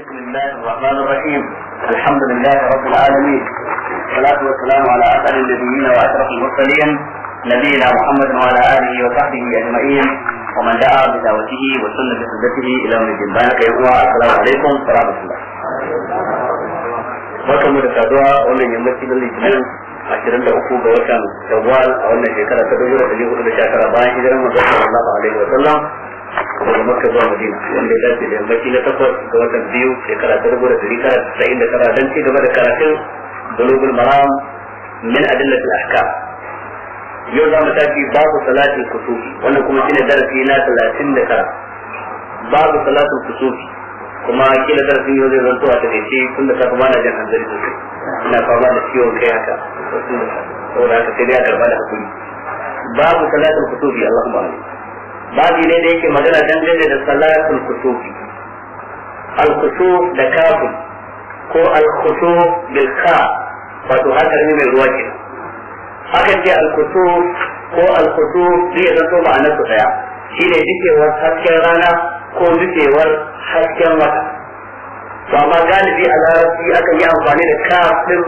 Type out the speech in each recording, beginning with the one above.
بسم الله الرحمن الرحيم الحمد لله رب العالمين والصلاة والسلام على أسأل النبيين وأشرف المرسلين نبينا محمد وعلى آله وصحبه أجمعين ومن دعا بدعوته وسن بسنته إلى يوم الدين بارك السلام عليكم ورحمة الله barkan mu da saduwa wannan yammaci na litinin ashirin da uku ga watan shawwal a wannan shekara ta dubu da ɗari hudu da sha tara bayan hijirar manzon sallallahu alaihi wa sallam daga maka zuwa madina wanda ya dace da yammaci na takwas ga watan biyu shekara ta rubu da rika ta tasa'in da tara don ci gaba da karatun bulugul maram min adillat al-ahkam yau za mu tafi babu salatin kusufi wannan kuma shine darasi na talatin da tara babu salatin kusufi kuma kila darasin yau zai zanto a takaice tun da kafa mana jan hanzari sosai ina fama da ciwon kai haka saboda haka sai dai a karba da hakuri babu salatin kusufi allahumma amin babi ne da yake magana dangane da salatul kusufi al-kusuf da kafu ko al-kusuf bil ka wato hakan ne mai ruwa ke hakan ce al-kusuf ko al-kusuf zai da to ma'anar su daya shine dukewar hasken rana ko dukewar hasken wata to amma galibi a larabci aka yi amfani da kafin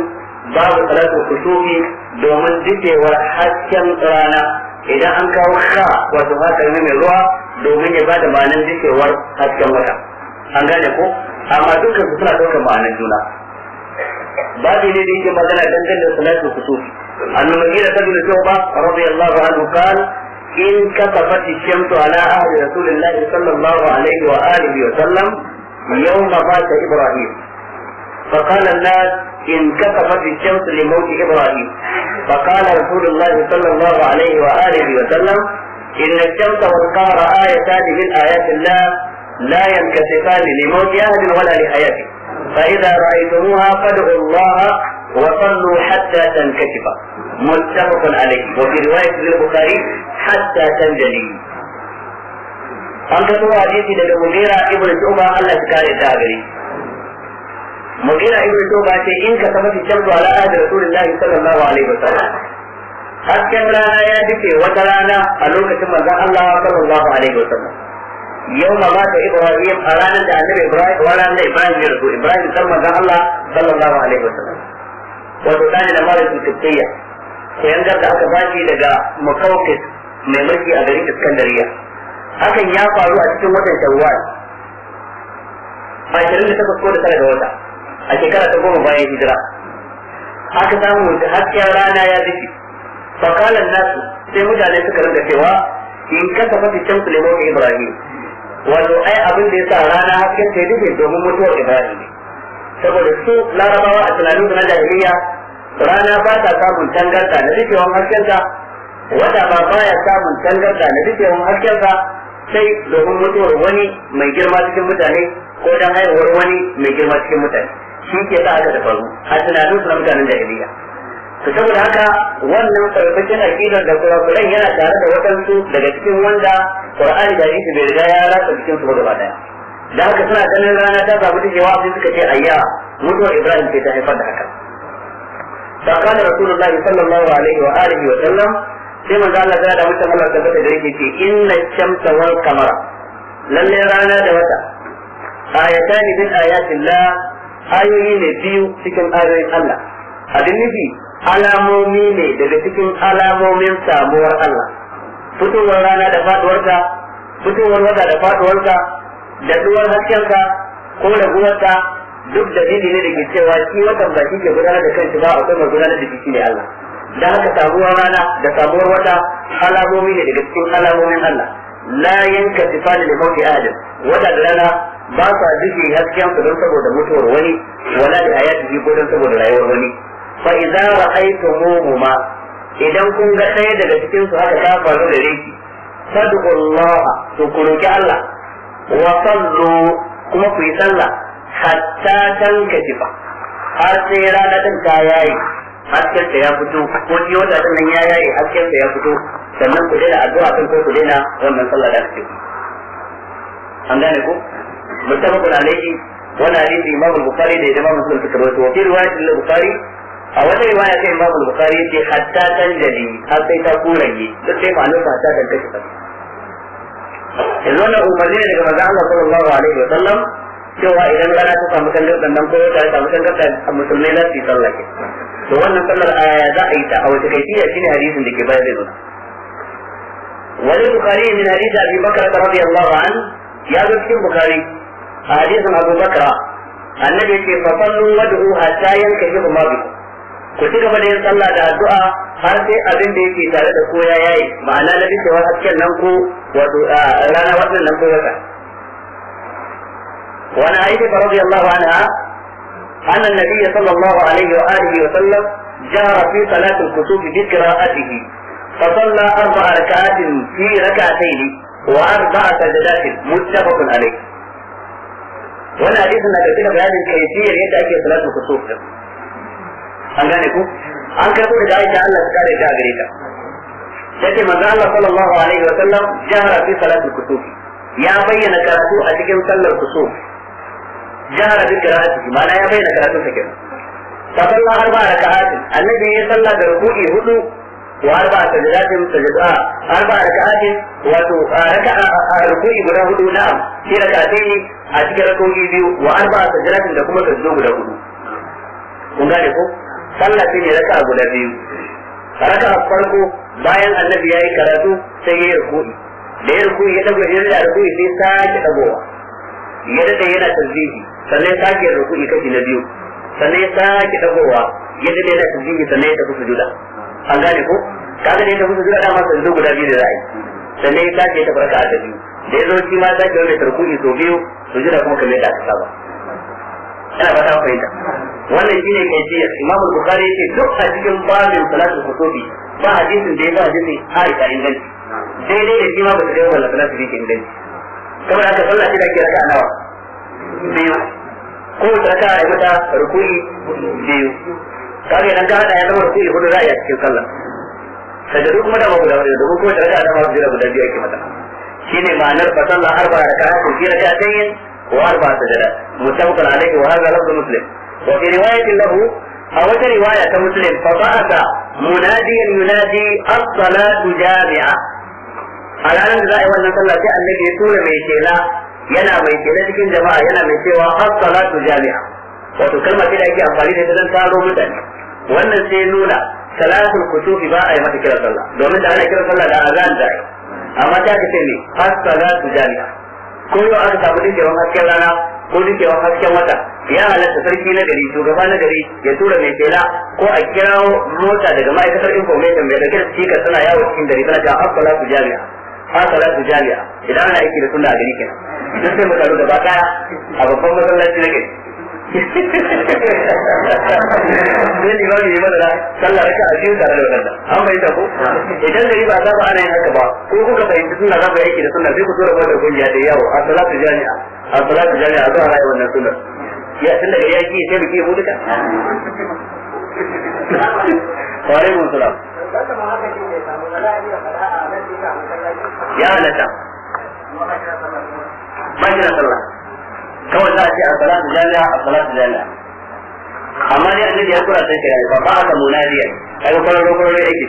babu salatul kusufi domin dukewar hasken rana idan an kawo sha wato hakan ne mai ruwa domin ya bada ma'anin dukewar hasken wata an gane ko amma dukkan su suna ɗaukar ma'anin juna babu ne da yake magana dangane da salatu su annu magira ta bin tauba radiyallahu anhu kan in kasafat ash-shamsu ala ahli rasulillahi sallallahu alaihi wa alihi wa sallam yawma ta ibrahim فقال الناس انكسفت الشمس لموت ابراهيم فقال رسول الله صلى الله عليه واله وسلم ان الشمس والقمر ايتان من ايات الله لا ينكسفان لموت احد ولا لحياته فاذا رايتموها فادعوا الله وصلوا حتى تنكشف متفق عليه وفي روايه للبخاري حتى تنجلي an karɓo hadisi ابن mujera ibn shuba Allah mugira ibn toba ce in ka tafi shamsu ala ahdi rasulullahi sallallahu alaihi wasallam hasken rana ya dike wata rana a lokacin manzon Allah sallallahu alaihi wasallam yau ma ba ta ibrahim a ranar da annabi ibrahim wa ranar da ibrahim ya rasu ibrahim san manzon Allah sallallahu alaihi wasallam wato dani da malakin tibbiya yangar da aka bashi daga makaukis mai mulki a garin Iskandariya hakan ya faru a cikin watan Shawwal 28 ko da tare da wata a shekara ta goma bayan hijira haka samu da hasken rana ya dace fakalan nasu sai mutane suka rinka cewa in kasa mafi can su ga ibrahim wato ai abin da ya sa rana hasken ta dace domin mutuwar ibrahim saboda su larabawa a tunanin su na jahiliya rana ba ta samun tangarda na rikewan haskenta wata ba baya samun tangarda na rikewan haskenta sai domin mutuwar wani mai girma cikin mutane ko don haihuwar wani mai girma cikin mutane shi ke sa haka da faru a tunanin su na mutanen jahiliya to saboda haka wannan farfashin aqidar da kurakuran yana tare da waɗansu daga cikin wanda qur'ani da hadisi bai riga ya rasa cikin su gaba daya da haka suna ganin rana ta samu wa sai suka ce ayya mutuwar ibrahim ce ta haifar da haka kan rasulullahi sallallahu alaihi wa alihi wa sallam sai manzo Allah ya da mutum Allah tabbata da yake ce inna shamsa wal qamara lalle rana da wata ayatan min ayatillah ayoyi ne biyu cikin ayoyin Allah abin nufi alamomi ne daga cikin alamomin samuwar Allah fitowar rana da faduwarka fitowar wata da faduwarka da duwar haskenka ko da uwarka duk dalili ne da ke cewa shi watan ba shi ke gudanar da kanshi ba akwai mai gudanar da jiki ne Allah da haka samuwar rana da samuwar wata alamomi ne daga cikin alamomin Allah la yanka tifali da mafi adam wata da rana ba sa jige hasken su don saboda mutuwar wani wala da hayati ko don saboda rayuwar wani fa idza ra'aytumuhuma idan kun ga ɗaya daga cikin su haka ta faru da reki fadullah to ku roki Allah wa sallu kuma ku yi sallah hatta tankatifa har sai rana din ta yayi hasken ya fito ko ji wanda din nan ya yayi hasken ya fito sannan ku daina addu'a kan ko ku daina wannan sallah da kake an gane ko muttafaqun alayhi wannan hadisi imam al-bukhari da imam muslim suka rawaito wa fi riwayatil bukhari a wata riwaya ta imam al-bukhari yace hatta tanjali har sai ta kuranye duk sai ma'anar ba ta dan kashi yanzu wannan umarni ne daga manzon Allah sallallahu alaihi wa sallam cewa idan rana ta samu tangardan nan ko ta samu tangardan musulmai za su yi sallah ke to wannan sallar aya za a yi ta a wata kaifiya shine da ke wani bukari an ya zo cikin bukari a hadisin Abu Bakra annabi ce fa sallu wad'u hatta yankahi ma bi ku ci gaba da yin sallah da addu'a har sai abin da yake tare da ko ya yayi ma'ana na cewa cikin nan ko wato rana wannan nan ko wata وعن عائشة رضي الله عنها أن النبي صلى الله عليه وآله وسلم جهر في صلاة الكتب بقراءته فصلى أربع ركعات في ركعتين وأربع سجدات متفق عليه Wani hadisi na dauke da bayanin kaifiyar yadda ake salatul kusuf din an gane ku an karbo da Aisha Allah ta kare ta gare ta yace manzo Allah sallallahu alaihi wa sallam jahara fi salatul kusuf ya bayyana karatu a cikin sallar kusuf jahara bi qira'ati ma'ana ya bayyana karatu ta kenan fa sallah arba raka'atin annabi ya salla da ruku'i hudu wa arba sajdatin sajda arba raka'atin wato raka'a ruku'i guda hudu na'am shi raka'atayn a cikin rakoki biyu wa a sajdatin da kuma zo guda hudu kun gane ko sallah sai ne raka guda biyu a farko bayan annabi ya yi karatu sai ya ruku'i da ya ruku'i ya dago ya ruku'i sai sake dagowa ya daɗe yana tasbihi sannan sake ruku'i kashi na biyu sannan ya sake dagowa ya daɗe yana tasbihi sannan ya tafi sujuda an gane ko kaga ne ya tafi sujuda dama zo guda biyu da za'a yi sannan ya sake ta a da biyu da ya zo shi ma ta kyau da tarkuɗi sau biyu su jira kuma kamar da aka saba ina ba ta fahimta wannan shi ne kai jiya imamu bukari ya ce duk a cikin babin salatu sobi ba hadisin da ya ba hadisin aisha inganci daidai da shi ma ba su kai wannan salatu da inganci kamar aka sallah shi da ke raka nawa biyu ko ta raka a mata rukuni biyu kawai idan ka hada ya zama rukuni hudu za a yi a cikin sallah sajadu kuma da ba guda wani da kuma ta raka a zama guda biyar ke mata shine ma'anar fa salla arba rak'atin fi rak'atayn wa arba sajadat muttafaqun alayhi wa hadha lafzu muslim wa fi riwayatin lahu a wata riwaya ta muslim fa ba'atha munadiyan yunadi as-salatu jami'a a ranar da za a yi wannan sallah sai annabi ya tura mai kela yana mai kela cikin jama'a yana mai cewa as-salatu jami'a wato kalma ce da ake amfani da ita don taro mutane wannan sai nuna salatul kutufi ba a yi mata kira sallah domin da ana kiran sallah da azan da amma ta ce ne za su jami'a ko yau aka samu dukewan hasken rana ko dukewan hasken wata ya halatta sarki na gari shugaba na gari ya tura mai tela ko a kirawo mota daga ma'aikatar information mai dauke da cikar suna yawo cikin gari tana cewa su jani jami'a za su jani idan ana aiki da suna a gari kenan duk sai mu taru gaba daya a babban masallaci na gari zai ne mai mana da sallah raka a cikin tare da wannan an bai ta idan da riba za ba ana yin haka ba ko kuka fahimci sunna za ku yi aiki da sunna sai ku tura mata kungiya da yawo a salatu jami'a a salatu jami'a zuwa rayu wannan sunna ya tun daga yaki sai biki ya mutuka wa salam ya halatta ba shi sallah kawai za a ce a salatu jami'a a salatu jami'a amma dai annabi ya kura sai kai fa ba ka munadiya kai kwararo kwararo yake ji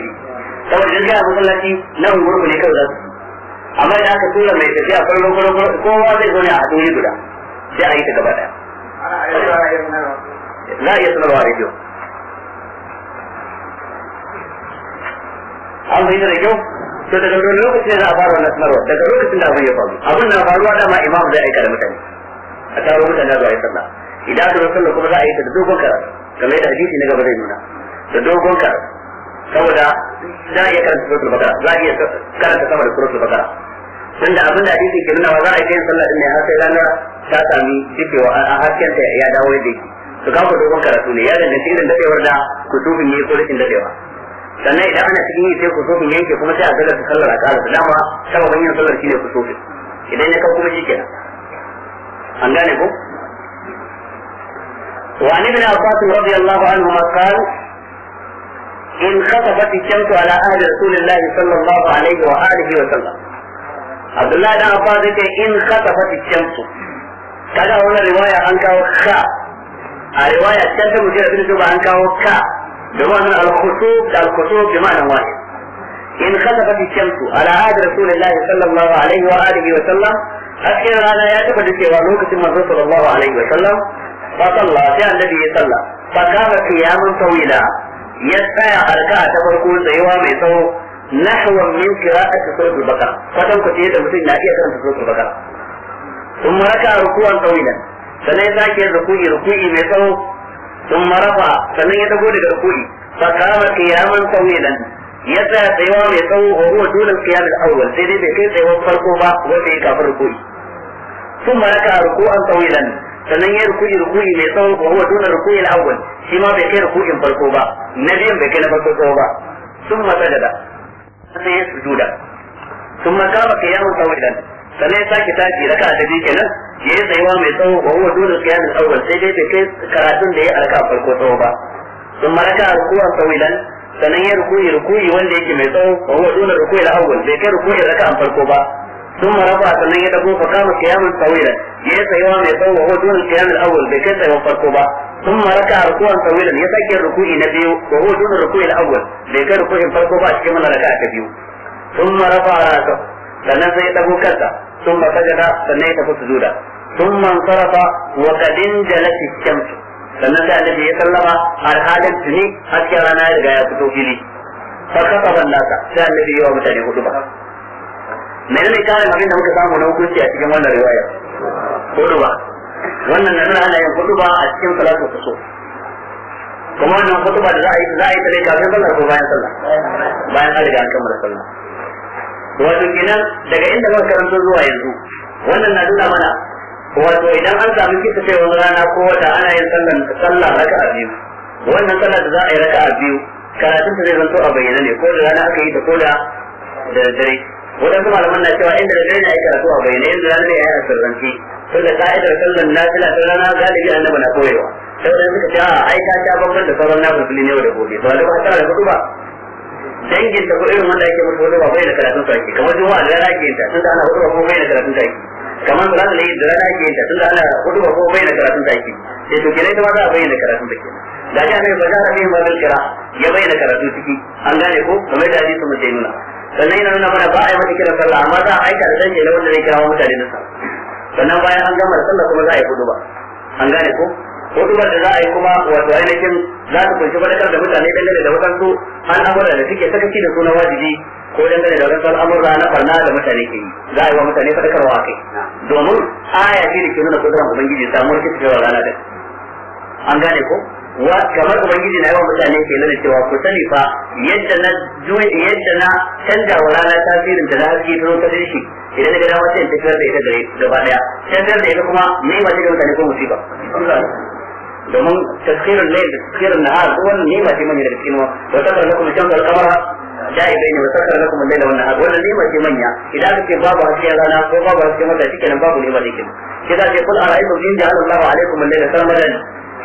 saboda idan kana masallaci nan gurbu ne kawai za su amma idan aka tura mai tafiya kwararo kwararo kowa zai zo ne a haɗu guda sai a yi ta gaba ɗaya za a iya sanarwa a rediyo an fahimta da kyau to daga lokacin da za a fara wannan sanarwa daga lokacin da abin ya faru abin na faruwa dama imam zai aika da mutane a taro mutane a yi sallah idan aka zo sallah kuma za a yi ta da dogon kara kamar yadda hadisi na gaba zai nuna da dogon kara saboda za a iya karanta suratul bakara za a iya karanta sama da suratul bakara tunda abin da hadisi ke nuna za a yi sallah din ne har sai ranar ta sami jikewa a hasken ta ya dawo yadda yake to ga ku dogon karatu ne ya danganci irin da tsayawar da kutubin ne ko rashin daɗewa. sannan idan ana cikin yi sai sofin yanke kuma sai a da sallar a da dama sababin yin sallar shine sofin idan ya kan kuma shi kenan وعن ابن عباس رضي الله عنهما قال إن خطفت الشمس على أهل رسول الله صلى الله عليه وآله وسلم عبد الله بن عباس إن خطفت الشمس كذا هنا رواية عن كاو خا رواية الشمس مجرد في الكتب عن كاو كا بمعنى الخطوب الخطوب بمعنى واحد إن خطفت الشمس على أهل رسول الله صلى الله عليه وآله وسلم hasken rana ya tabbata cewa lokacin manzo sallallahu alaihi wa sallam fa salla sai annabi ya salla fa kana qiyamun tawila ya tsaya arka ta farko tsayawa mai tsawo nahwa min qira'ati suratul baqara kwatan kwace da mutum na iya karanta suratul baqara ثم ركع ركوعا طويلا sannan ya sake ruku'i ruku'i mai tsawo sun marafa sannan ya dago daga ruku'i fa kama qiyaman tawilan ya tsayuwa mai tsawo wa huwa dunan qiyam al-awwal sai dai bai kai tsayawar farko ba wanda ya kafar rukui sun maraka ruku'an tawilan sannan ya ruku'i ruku'i mai tsawo wa huwa dunan ruku'i al-awwal shi ma bai kai ruku'in farko ba na biyan bai kai na farko tsawo ba sun masajada sannan ya sujuda sun makama qiyam tawilan sannan ya sake tashi raka da biyu kenan ya yi tsayuwa mai tsawo wa huwa dunan qiyam al-awwal sai dai bai kai karatun da ya arka farko tsawo ba sun maraka ruku'an tawilan sannan ya rukuyi rukuyi wanda yake mai tsawo wa huwa duna rukuyi da awwal bai kai rukuyi an farko ba sun marafa sannan ya dago fa kama qiyaman tawila ya tsayawa mai tsawo wa dun qiyam al-awwal bai kai tsayawan farko ba maraka a ruku'an tawila ya sake rukuyi na biyu wa huwa dun rukuyi da awwal bai kai ruku'in farko ba cikin mana raka ta biyu marafa rafa ra'sa sannan sai ya dago kansa thumma sajada sannan ya tafi sujuda thumma sarafa wa kadin injalat ash sannan sai annabi ya sallama halin tuni hasken rana ya riga ya fito fili fa kafa ballaka sai annabi ya wa mutane hudu ba ne karin abin da muka samu na hukunci a cikin wannan riwaya hudu ba wannan nan ana yin hudu ba a cikin salatu kuso kuma wannan hudu ba da za a yi za a yi kafin sallah ko bayan sallah bayan an ya an kammala sallah wato kenan daga inda muka karanto zuwa yanzu wannan na nuna mana wato idan an samu kisa sai wani rana ko wata ana yin sallan sallah a biyu wannan sallah da za a yi raka a biyu karatun ta zai zanto a bayyana ne ko da rana aka yi ta ko da dare wadansu malaman na cewa inda dare na yi karatu a bayyana inda rana ne ya yi a sirranci da ka'idar sallan na tana ta rana galibi annabi na koyewa Ta wadanda suka ce a aika ta ta bambam da sauran na fulfili ne da gobe to alaba ta da ba dangin ta ko irin wanda ake mutu wani ba bai da karatun sarki kamar juma'a da rana ake yin ta tunda ana hudu ba ko bai da karatun sarki kamar su ranar da rana ke yin ta tun da ana hudu ba kuma bayyana karatun ta ake sai to kenan kuma za a bayyana karatun ta ke. da ya ne ba za a bayyana babin kira ya bayyana karatu ciki an gane ko kamar da hadisi mu nuna sannan yana nuna mana ba a yi mata kira sallah amma za a aika da zanje na wanda zai kira mutane da sallah sannan bayan an gama da sallah kuma za a yi hudu ba an gane ko hudubar da za a yi kuma wato ainihin za su kunshi faɗakar da mutane dangane da an al'amura da suke sakaci da suna wajibi ko dangane da wasansu al'amura na barna da mutane ke yi za a yi wa mutane faɗakarwa kai domin aya ce da ke nuna kudurar ubangiji samuwar kisa cewa rana da an gane ko wa kamar ubangiji na yawan mutane ke nuna cewa ku sani fa yadda na yadda na canza wa rana tasirin da na haske ta zo ta shi idan na ga dama sai in tafiyar da ita gare gaba daya canzar da ita kuma ni ma ce mutane ko musiba domin tasirin lai da tasirin na har wannan nema ce manya daga cikin wa sakar lakum shamsa al-qamara da'ibai ne wa sakar lakum al da wannan har wannan nema ce manya idan aka ce babu hasken rana ko babu hasken wata shikenan babu nema da kenan sai da ce kul ara'aytum in ja'ala Allahu alaykum al-layla sarmadan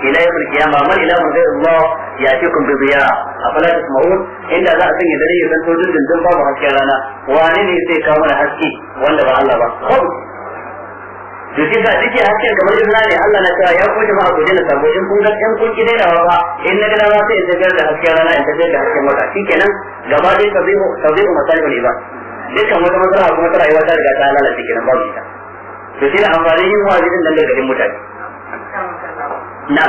ila yawm al-qiyamah man ilahun ghayru Allah ya'tikum bi dhiya afala tasma'un inda za a sanya dare ya zanto dindin babu hasken rana wane ne zai kawo mana haske wanda ba Allah ba to shi sa dike hakken kamar izina ne Allah na cewa ya ko jama'a ku dena sabo in kun ga in kun ki daina ba in na gana ma sai in tafiyar da hasken rana in tafiyar da hasken wata shikenan gaba dai tabihu tabihu masalihul ba. dukkan wata matsala kuma ta rayuwa ta riga ta lalace kenan babu ita to shi ne amfani yin wa'azi din nan gargadin mutane na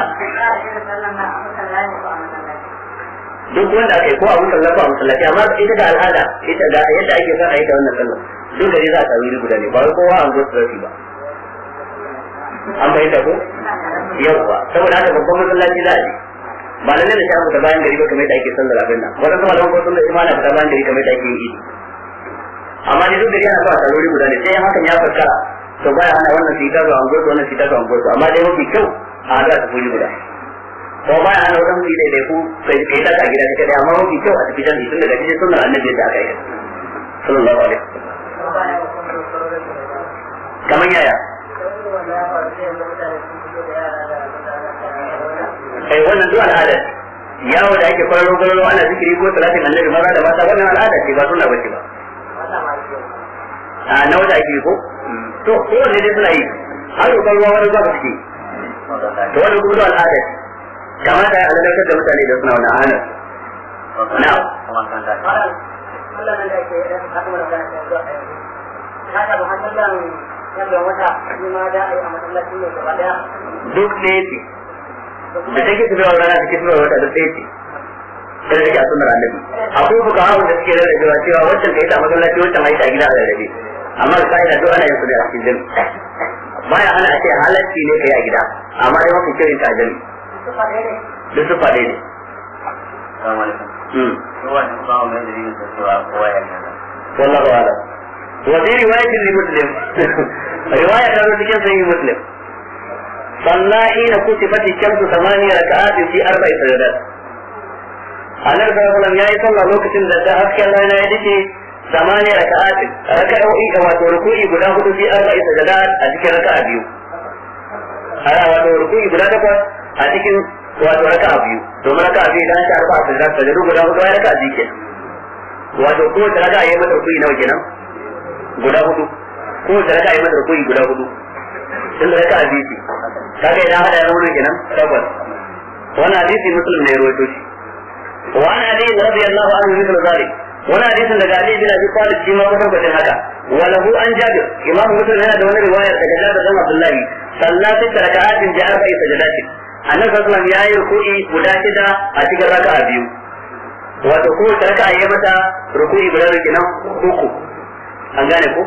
duk wanda aka yi ko a musalla ko a musallaci amma ita da al'ada ita da yadda ake son a yi ta wannan sallah duk da za a sami guda ne ba kowa an zo su ba an bai ko yawwa saboda haka babban masallaci za a je ba lalle da shafi da bayan gari ba kamar da ake sallar abin nan wadansu malaman ko sun da imana da bayan gari kamar da ake yi amma ne duk da yana ba tarori guda ne sai hakan ya fassara to baya hana wannan su yi tazo an wannan su yi tazo an goto amma dai mafi kyau a haɗu a tafi guda ko ba ya nan mu da dai ku sai kai ta gida ta kai amma wani kyau a tafi jami'i tun daga cikin sunan annabi da aka yi sallallahu alaihi wasallam kamar yaya kai wannan duk al'ada yawo da ake kwararo kwararo ana zikiri ko salatin annabi maza da mata wannan al'ada ce ba sunna bace ba a na wata ake ko mm. to ko wanne dai suna yi har roƙon ruwa wani ba suke to wani kuma al'ada ce kamata ya alalakar da mutane da suna wani hana na Allah duk ne ce da take tafiya rana take tafiya wata duk ɗaya ce da take a sunan annabi akwai fuka hawa da suke rarrabewa cewa wancan ka yi ta masallaci wancan haita gida a rarrabe amma da ka'ida duk ana yin su da a cikin jami baya hana a ce halarci ne ka yi a gida amma dai mafi kirin ta jami duk su faɗe ne Assalamu alaikum. Hmm. Kowa ne ba wa mai dalilin da cewa kowa وفي رواية لمسلم رواية كانت تكون سيد مسلم صلى حين كتبت الشمس ثمانية ركعات في أربع سجدات أنا رسول الله صلى الله عليه وسلم لوكة أفكى الله إلى يديك ثمانية ركعات ركع واتو ركوئي قد أخذ في أربع سجدات أذكى ركع بيو أنا واتو ركوئي قد أخذ أذكى wato بيو ثم ركع raka'a لا idan ta سجدات sujud sajadu guda ركع ai raka'a biyu kenan wato ko ta guda hudu ko da raka'a yi mata rukuni guda hudu tun da raka'a biyu ce kaga idan hada ya zama kenan tabbas wannan hadisi muslim ne rawaito shi wa ana ali radiyallahu anhu mithlu zalik wani hadisin daga Ali bin Abi Talib shi ma kuma kudin haka walahu an Jabir imamu Muslim yana da wani riwaya daga Jabir bin Abdullah sallah ta raka'atin da arba'i sajadatin Annabi sallallahu alaihi wasallam ya yi ruku'i guda shida a cikin raka'a biyu wato ko raka'a yayi mata ruku'i guda biyu kenan uku an gane ko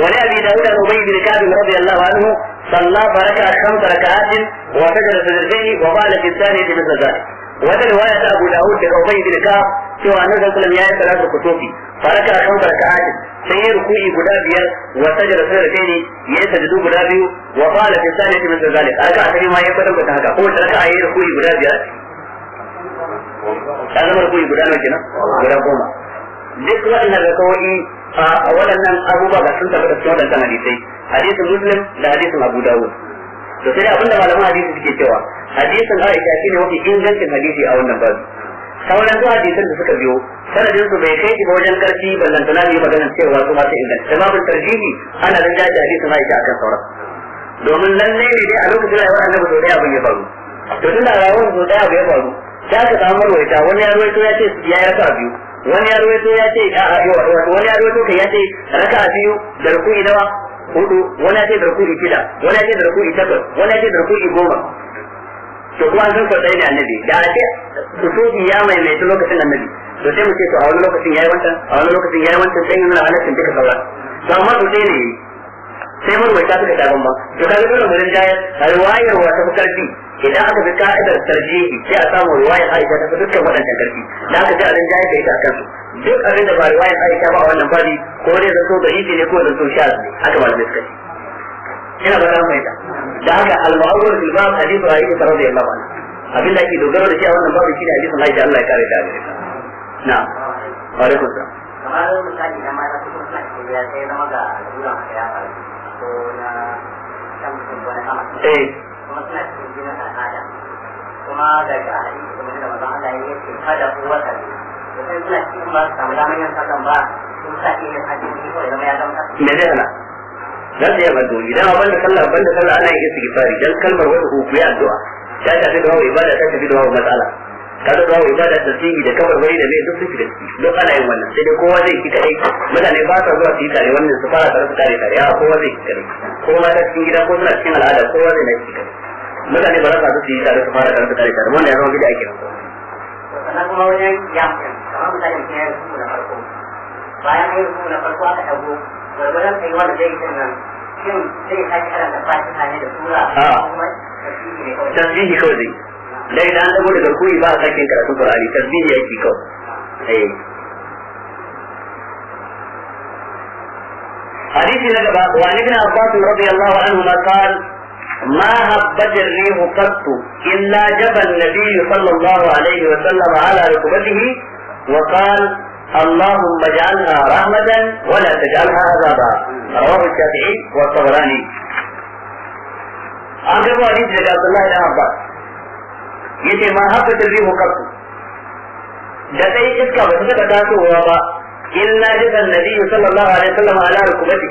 wani abi da udan ubay bin ka'ab radiyallahu anhu salla baraka kam barakatin wa sajada sajdatayhi wa qala fi thaniyati mithla dhalik wata riwaya ta abu dawud da ubay bin ka'ab cewa annabi sallallahu alaihi wasallam salatu kutubi baraka kam barakatin sai ya ruku'i guda biyar wa sajada sajdatayni ya sajadu guda biyu wa qala fi thaniyati mithla dhalik aka akari ma ya kwatan ta haka ko ta raka'a ruku'i guda biyar ruku'i guda guda goma duk waɗannan rakawoyi a waɗannan abubuwa ga sun tabbata cikin waɗannan hadisai hadisin muslim da hadisin abu dawud to sai abinda malaman hadisi suke cewa hadisin aisha ne wafi ingancin hadisi a wannan babu sauran zuwa hadisin da suka biyo sanadin su bai kai shi ba wajen karfi tana ne magana cewa su masu inganta babin tarjihi ana zan jaji hadisin aisha akan sauran domin lalle ne dai a lokacin rayuwar annabi sau daya abin ya faru to tunda rayuwar sau daya abu ya faru za ka samu ruwaita wani ya ruwaito ya ce ya yi rasa biyu wani ya rawaito ya ce wani ya rawaito kai ya ce raka biyu da ruku'i nawa hudu wani ya ce da ruku'i shida wani ya ce da ruku'i takwas wani ya ce da ruku'i goma to kuma an san kwatsai da annabi da a ce su so ya mai mai lokacin annabi to sai mu ce to a wani lokacin ya yi wancan a wani lokacin ya yi wancan sai nuna halittar duka sauran to amma to sai ne sai marwaita suka sha bambam to kaga dole mu rinja riwayar wa ta karfi idan aka bi ka'idar tarjihi sai a samu riwayar Aisha ta dukkan wadannan karfi da aka ji a rinja da ita akan su duk abin da ba riwayar Aisha ba a wannan babi ko dai so da yake ne ko da so sha haka malamai suka ce ina ba na mai da haka al-ma'ruf bil bab hadithu Aisha radiyallahu anha abin da ake dogaro da shi a wannan babu shine hadisin Aisha Allah ya kare ta na wa alaikum salam kamar misali da ma ya zama ga lura ya faru eh kuma da ga da ya ce kada ku wata to sai suna ba ba sun sa ke yin ko ya me zai hana dan da ya bado idan abin da sallah abin da sallah ana yin istighfari dan kalmar wani ku yi addu'a ya tafi da ibada ta tafi da matsala kada ba wa ibada da tsiri da kawar bai da mai duk suke da duk ana yin wannan sai dai kowa zai ki kadai mutane ba sa zuwa su yi tare wannan su fara tare su tare tare ya kowa zai ki kadai ko ma ta cikin gida ko suna cikin al'ada kowa zai na ki kadai mutane ba za su yi tare su fara tare su tare tare wannan ya zama gida ake nan sannan kuma wajen yakin kamar mutane ke yin na farko bayan yin na farko aka dago gwargwaron kai wanda zai yi nan shin zai sake karanta fatiha ne da sura kuma tasbihi kawai zai dai da an dago daga koyi ba a sakin karatun Qur'ani tasbihi yake kawai eh حديث نجبة وعن ابن عباس رضي الله عنهما قال ما هبت الريح قط إلا جبى النبي صلى الله عليه وسلم على ركبته وقال اللهم اجعلها رحمة ولا تجعلها عذابا رواه الشافعي والطبراني. عن رواية عبد الله بن عباس Yace ce ma haka ta zai mukarku da dai iska ba su taɓa tasowa ba in na ji san sallallahu alaihi wasallam ala rukubati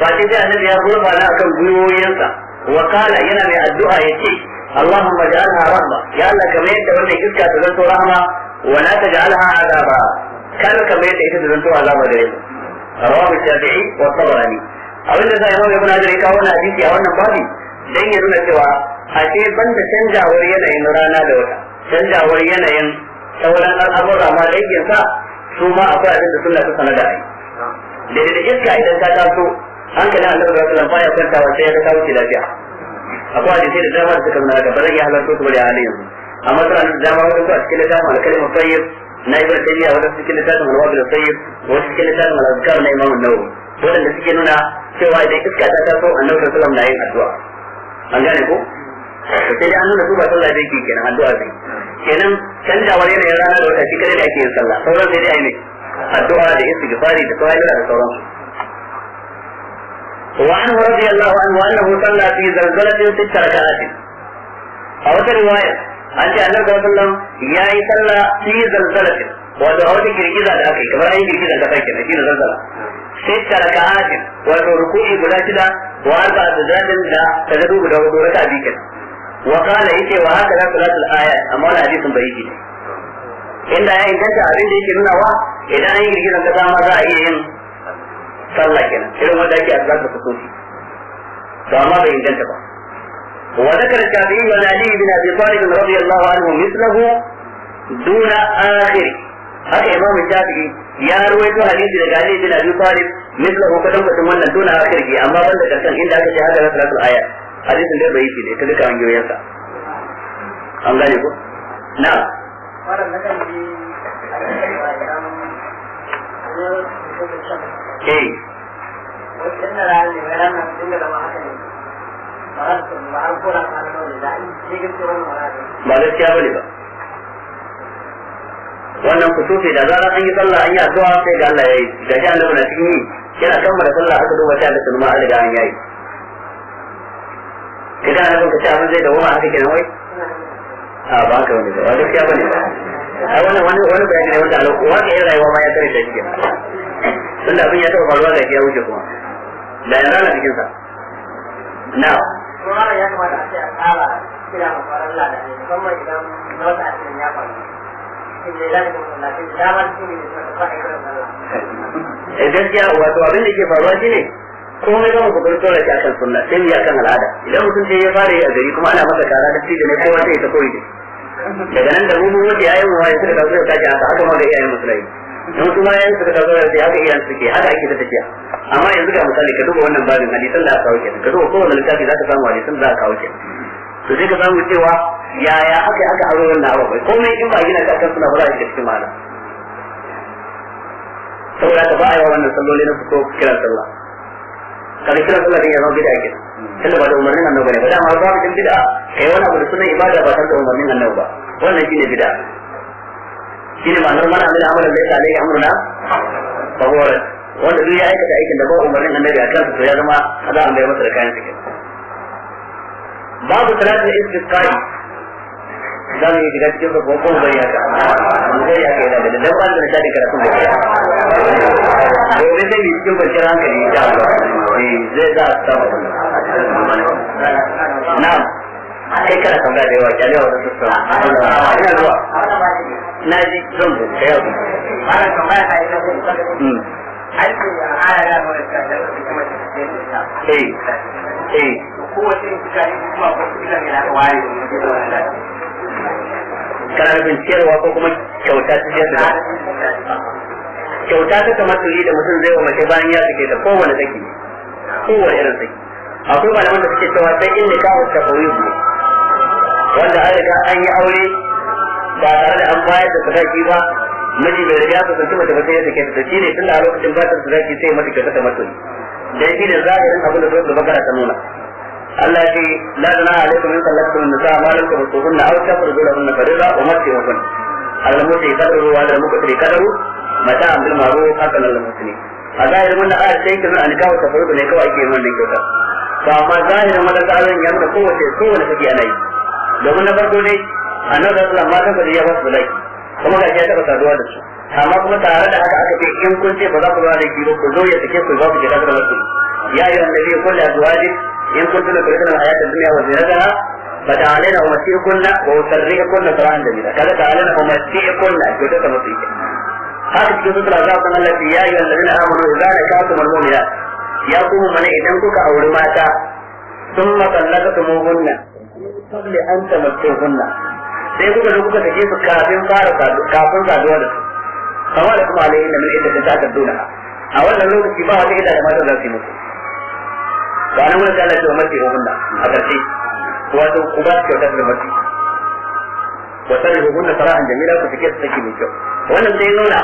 ba ce sai annabi ya gurba na akan gwiwoyinsa wa kala yana mai addu'a ya ce Allahumma ja'alha rahma ya Allah kamar yadda wannan iska ta zanto rahma wa la taj'alha adaba kala kamar yadda ita ta zanto alama da mu rawahu shafi'i wa tabarani abinda sai mu ga muna jira kawo na hadisi a wannan babi dan ya nuna cewa a ce ban da canjawar yanayin rana da wata canjawar yanayin sauran al'amura ma dangin sa su ma akwai abin da suna ta sanada ai da da iska idan ta taso hankalin annabi sallallahu alaihi wasallam baya kwantawa sai ya ga kawo lafiya akwai hadisi da dama da suka nuna haka ba zan yi halarta su bari a halin yanzu amma suna da dama wani su a cikin littafin alkalimar sayyid na ibn tayyiya wani cikin littafin alwabil tayyib wata cikin littafin alazkar na imam an-nawawi wadanda suke nuna cewa idan iska ta taso annabi sallallahu alaihi wasallam na yin addu'a an gane ko to sai an nuna su ba sallah zai ke addu'a kenan canjawar yanayin rana da wata shi da ake yin sallah sauran sai dai ai ne addu'a da istighfari da da sauransu رضي الله عنه أنه صلى في زلزلة ست ركعات أو رواية أنت أنك صلى الله عليه وسلم صلى في زلزلة wato a wata girgiza da aka yi kamar an yi girgiza da zalzala sitta raka'atin wato ruku'i guda shida wa arba sajadin da sajadu guda hudu raka'a biyu wa qala yake wa haka da salatul ayat amma wannan hadisin bai yi inda ya inganta abin da yake nuna wa idan an yi girgizan kasa ma za a iya yin sallah kenan irin wanda ake a salatul kusufi to amma bai inganta ba وذكر الشافعي عن علي بن ابي طالب رضي الله عنه مثله دون اخره haka imam shafi'i ya ruwaito hadisi daga ali bin abi talib ko kadan kadan wannan a akhirki amma banda karshen inda aka ce hada rasul ayat hadisin da bai yi ne ta duka hanyoyin sa an gane ko na wannan eh. ne ba ne ba wannan kusufi da zarar an yi sallah an yi addu'a sai ga Allah yayi da shi Allah na cikin yi yana kammala sallah aka duba sai Allah sunma an riga an yayi idan da ka ce abin zai dawo ma haka kenan wai a ba ka wani ba gaskiya bane ai wannan wani wani bayani ne wanda Allah wanda ya rayuwa ma ya tare da shi tunda abin ya taɓa faruwa da ya wuce kuma da yanzu ana cikin sa na'am ya kamata a ce a tsara kira mafarar lada ne musamman idan na wata asirin ya faru Eh, gaskiya wato abin da ke faruwa shine ko mai gama ku kwanto da akan sunna sai ya kan al'ada idan mutum sai ya fara yi a gari kuma ana masa kara da cikin kowa sai ta koyi daga nan da mu wanda yayi mu wani suka dauka ta haka haka ma ga iyayen musulai don kuma yayin suka dauka da haka iyayen suke haka ake ta tafiya amma yanzu ga misali ka duba wannan babin hadisan da aka kawo ka duba kowane littafi za ka samu hadisan da aka kawo to sai ka samu cewa yaya aka aka aro wannan abu bai komai in ba gina kakan suna bara shi a cikin malam saboda ka ba a yi wannan salloli na ko kira sallah kada kira sallah din ya zama bid'a kenan tunda ba da umarnin annabi ne ba dama ba mu bid'a kai wani abu da sunan ibada ba tare da umarnin annabi ba wannan shine bid'a shine ma'anar mana amina amalan da yake amruna fa huwa wanda duk ya aikata aikin da ba umarnin annabi a kansa to ya zama za a mai masa da kayan cikin babu salatin istisqai za mu yi shiga cikin sa kuma kuma bayyana ta zai yana da dan ban da nishadi karatun da ya domin zai yi cikin kwanciyar hankali insha Allah zai za a samu na'am sai kana tambaya da yawa kyalewa da su sa ina zuwa na ji zan zo da yawa ana tambaya ta ina zan zo aiki a aya ya zo da ta kuma ta ce ta eh kowace mutane kuma ko mutane na ware kana nufin ciyarwa ko kuma kyauta ta ciyar da kyauta ta tamatuli da mutum zai wa mace bayan ya sake ta kowane saki kowane irin saki akwai malaman da suke cewa sai in nikahu tafawiyu wanda an riga an yi aure ba tare da an bayar da sadaki ba miji bai riga ka sanci mace ba sai ya sake ta shi ne tunda a lokacin ba ta sadaki sai mata kyauta tamatuli dan shi ne zahirin abin da zo da magana ta nuna Allah ya ce la zana alaikum in sallatu nisa ma lam tukunna aw tafridu lahunna fariida wa matihun al-muti qadru wa al-muqtari qadru mata bil ma'ruf hakan al-muslimin a zahirin wannan ayar sai kana an kawo tafarku ne kawai ake wannan kyauta to amma zahirin wannan tsarin ya nuna kowace kowace take ana yi domin na farko dai annabi sallallahu alaihi wasallam ya ba su kuma ga ya taba saduwa da su amma kuma tare da haka aka ce in kun ce ba za ku ba laifi ba ku zo ya take ku ba ku jira da in kun tuna ko irin hayatu dunya wa ziyadaha fa ta'alina wa masiikunna wa usarrihukunna qur'an jamila kada ta'alina wa masiikunna ko da ta masiik hadu kuntu la za'atun allati ya ayyuha alladhina amanu idza ra'aytum al-mu'mina ya qumu mana idan kuka auri mata thumma tallaqtumuhunna qabla an tamattuhunna sai kuka zo kuka take kafin fara kafin saduwa da kuma alayhi na mai ita ta ta a wannan lokaci ba wani ita da mata za su yi muku ba nan wani Allah ya mace ruhun da a ƙarshe wato ku ba su kyautar da mace wa sarri ruhun da sarahan jamila ku fike su take mai kyau wannan zai nuna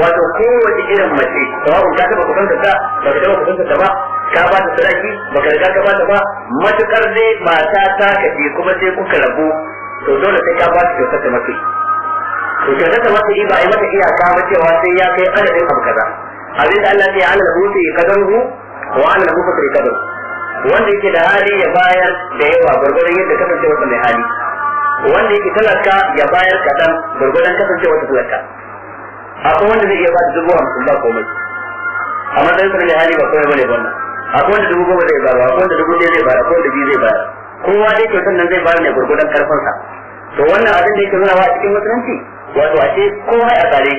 wato kowace irin mace sawa'un ka taba kusanta ta ba ka taba kusanta ta ba ka ba ta sadaki ba ka riga ka ba ta ba matukar dai mata ta kace kuma sai kuka rabu to dole sai ka ba ta kyautar da mace to kyautar da mace ba a yi mata iyaka ba cewa sai ya kai adadin abu kaza abin da Allah ya alal hutu kadaruhu wa alal mufakkir kadaruhu wanda yake da hali ya bayar da yawa gurgurdan yadda kasance wata mai hali wanda yake talaka ya bayar kaɗan gurgurdan kasance wata talaka akwai wanda zai iya ba dubu hamsin ba komai a matsayin sa mai hali ba komai bane ba akwai wanda dubu goma zai bayar akwai wanda dubu ɗaya zai bayar akwai wanda biyu zai bayar kowa dai kyautar nan zai bayar ne gurgurdan karfinsa to wannan abin da yake nuna wa cikin musulunci wato a ce komai a tsare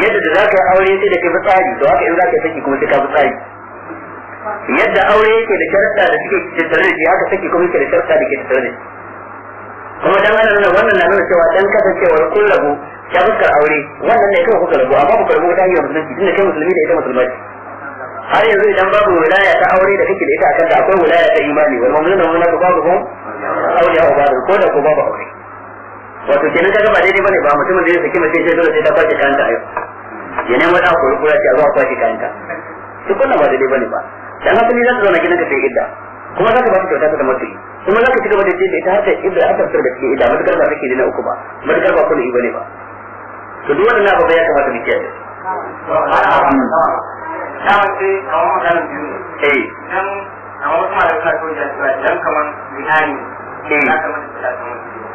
yadda da za ka yi aure sai da kai tsari to haka in za ka yi saki kuma sai ka tsari yadda aure yake da sharaɗa da suke tattare da shi haka saki kuma yake da sharaɗa da ke tattare da shi kuma dan ana nuna wannan na nuna cewa dan kasancewar kun rabu ta fuskar aure wannan ne kawai kuka rabu amma kuka rabu ta hanyar musulunci tunda kai musulmi da ita musulma ce har yanzu idan babu wilaya ta aure da kake da ita akan da akwai wilaya ta imani wal mu'minu wa babu ko aure ya ba'd ko da ko babu aure wato kenan kaga ba daidai bane ba mutumin da ya saki mace sai dole sai ta kwace kanta ayo ya nemo da kuri kura ce a zuwa kwace kanta su wannan ba daidai bane ba dan haka ne za ta zauna gidan ka sai idda kuma za ka ba ta kyauta ta zama kuma za ka ci gaba da ce ita har ta idda ya ta da cikin idda matukar ba take na uku ba matukar ba kuma ibane ba to duk wannan abu ya kamata mu kiyaye dama sai a wani maganar biyu ne dan a wasu malam suna kawai da dan kaman bihani ne na da ta ko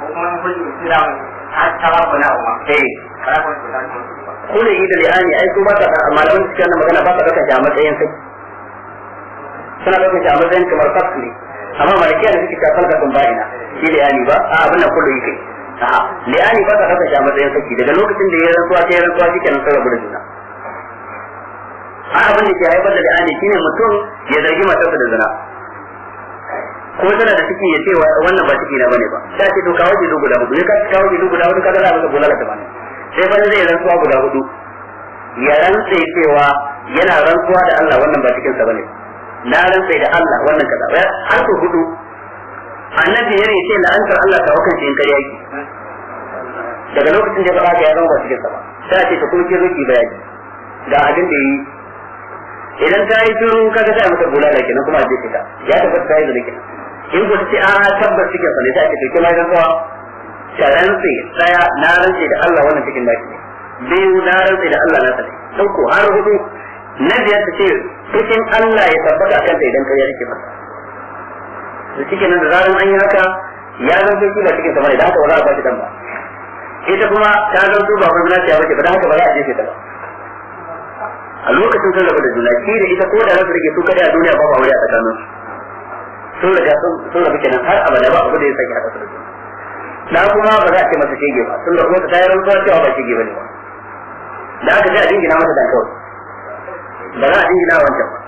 kuma mun kulli mutum da ta ba na umma eh kana kuma da ta samu yi da ai ko ba ta malaman suke wannan magana ba ta daga jama'a matsayin sai suna ɗaukar shi a matsayin kamar fas ne amma malakiya da suke ta farka sun ba'ina shi da yani ba a abin da kullum yake a'a li'ani ba ta kasa shi a matsayin saki daga lokacin da ya rantsuwa ta ya rantsuwa shi kenan sun da juna a abin da ke haifar da shi shine mutum ya zargi matarsa da zina ko tana da ciki ya ce wannan ba ciki na ba ne ba ta ce to kawo jidu guda hudu ya ka kawo jidu guda hudu ka za a masa bulala da bane sai fa zai rantsuwa guda hudu ya rantsa cewa yana rantsuwa da Allah wannan ba cikin sa bane na rantsa da Allah wannan kaza ya har ko hudu annabi ya ce la'antar Allah ta hukunci in kariya ki daga lokacin da ya faɗa ya zama cikin sa sai ce ta kuma kin ruki bayani Da abin da yi idan ta yi turu kaga sai mata gula da kenan kuma a jefe ta ya tabbata ta yi da kenan in ku ce a tabbas cikin sa ne sai ce kuma ran zuwa ta sai tsaya na rantsa da Allah wannan cikin da ne biyu na rantsa da Allah na sai ko har hudu na biyar ta ce cikin Allah ya tabbata a kanta idan kai ya rike masa da cikin nan da zaran an yi haka ya zan sai kila cikin sama ne da haka ba za a ba shi dan ba ita kuma ta zan su ba kuma lafiya bace ba da haka ba za a shi ta ba a lokacin sun rabu da juna ki da ita ko da za su rike su kada a duniya ba ba wuri a tsakanin sun riga sun rabu kenan har abada ba abu da ya sake haka su da kuma ba za a ce masa shege ba tun da kuma ta yi rantsuwa cewa ba shege ba ne ba da haka sai a jingina masa dan kawai ba za a jingina wancan ba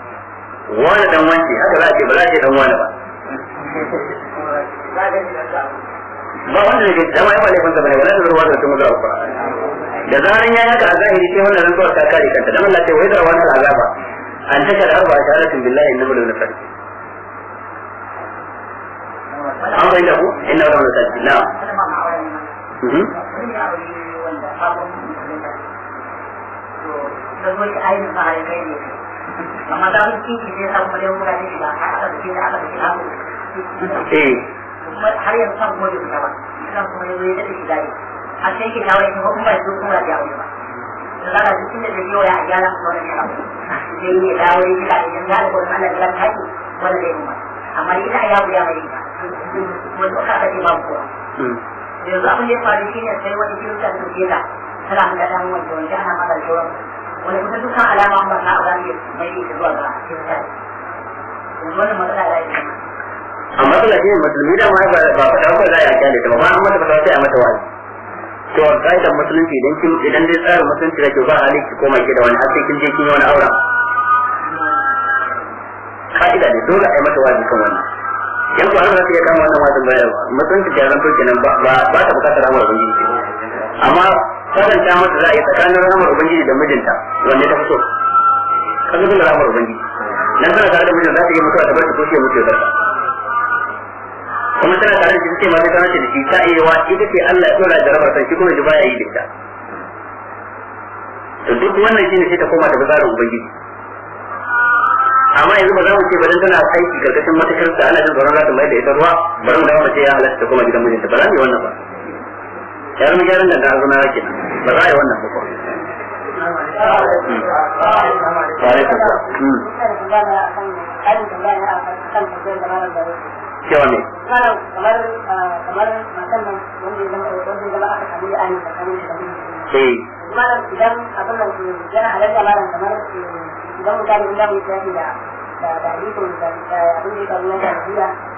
wani dan wanke haka za a ce ba za a ce dan wani ba ba wanda ne da ma yawa laifin sa bane wala da ruwa da tun zuwa ba da zaran ya haka a zahiri sai wannan zan zuwa ta kare kanta dan Allah ce wai da wani azaba an taka da arba shahadatin billahi innahu la nafsi an bai da ku inna wa la tajid na mhm saboda ainihin mahaifai ne amma ga mun kinki ne san kwalewar mutane shi ba har aka dace da aka dace na kuma har yanzu san kuma bai ba san kuma ya da ya daɗe ne a sai yake kawo ya kuma kuma ya kuma ya aure ba da zaka ji tun da zai yawa ya a gyara masa wannan abu zai yi dawo ya shiga idan ya ga wani Allah ya tashi wanda zai kuma amma ita ya buya mai ita wani ka ka ji ba kowa yanzu abin da ya faru shine sai wani kirista su ke da tana da wanda wanda ana magana wani kusa dukkan alama ba na ba mai yi zuwa ga kyautar yanzu wani matsala da yake amma suna shi musulmi da ma ba ba faɗa ko za a da ta ba amma ta faɗa sai a mata wani to kaidan musulunci idan kin idan dai tsarin musulunci da ke ba hali ko koma ki da wani har sai kin je kin yi wani aura ka'ida ne dole a yi mata wani kan wannan yan ko har za su kama wannan wajen bayarwa musulunci da ran to kenan ba ba ta bukatar amur abin amma karanta mata za a yi tsakanin ramar ubangiji da mijinta wanda ta fito kaga bin ramar ubangiji nan tana tare da mijin za ta yi mutuwa ta bar ta ko shi ya mutu ya kuma tana tare da kike ma sai tana da shi ta iya ita ce Allah ya tsora da rabar shi kuma ji baya yi da ita to duk wannan shine sai ta koma da bazara ubangiji amma yanzu ba za mu ce ba tana aiki karkashin matakar da ana jin tsoron za ta mai da ita ruwa bari mu dawo mu ce ya halatta ta koma gidan mijinta ba za mu yi wannan ba yar mu gyaran da azuna rake ba za a yi wannan ba ko cewa ne da ani da kamar na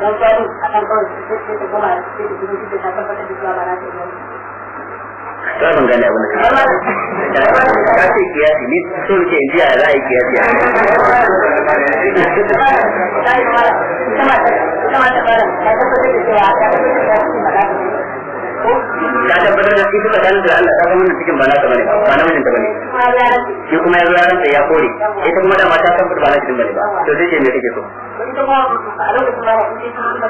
rantsuwa a kan kawai sai ta goma sai ta gudun da ta tabbatar da cewa ba za ta iya ta ban gane abin da ka ka ce kiyasi ni so ke in jiya za a yi kiyasi a sama ta bara ta tabbatar da cewa ta tabbatar da cewa ko ka tabbatar da shi suka da Allah ka wannan cikin ba naka bane ba na mijinta bane shi kuma ya zaran ya kore ita kuma da mata tabbata ba na cikin bane ba to sai ce me kake so kana malam da mutum ka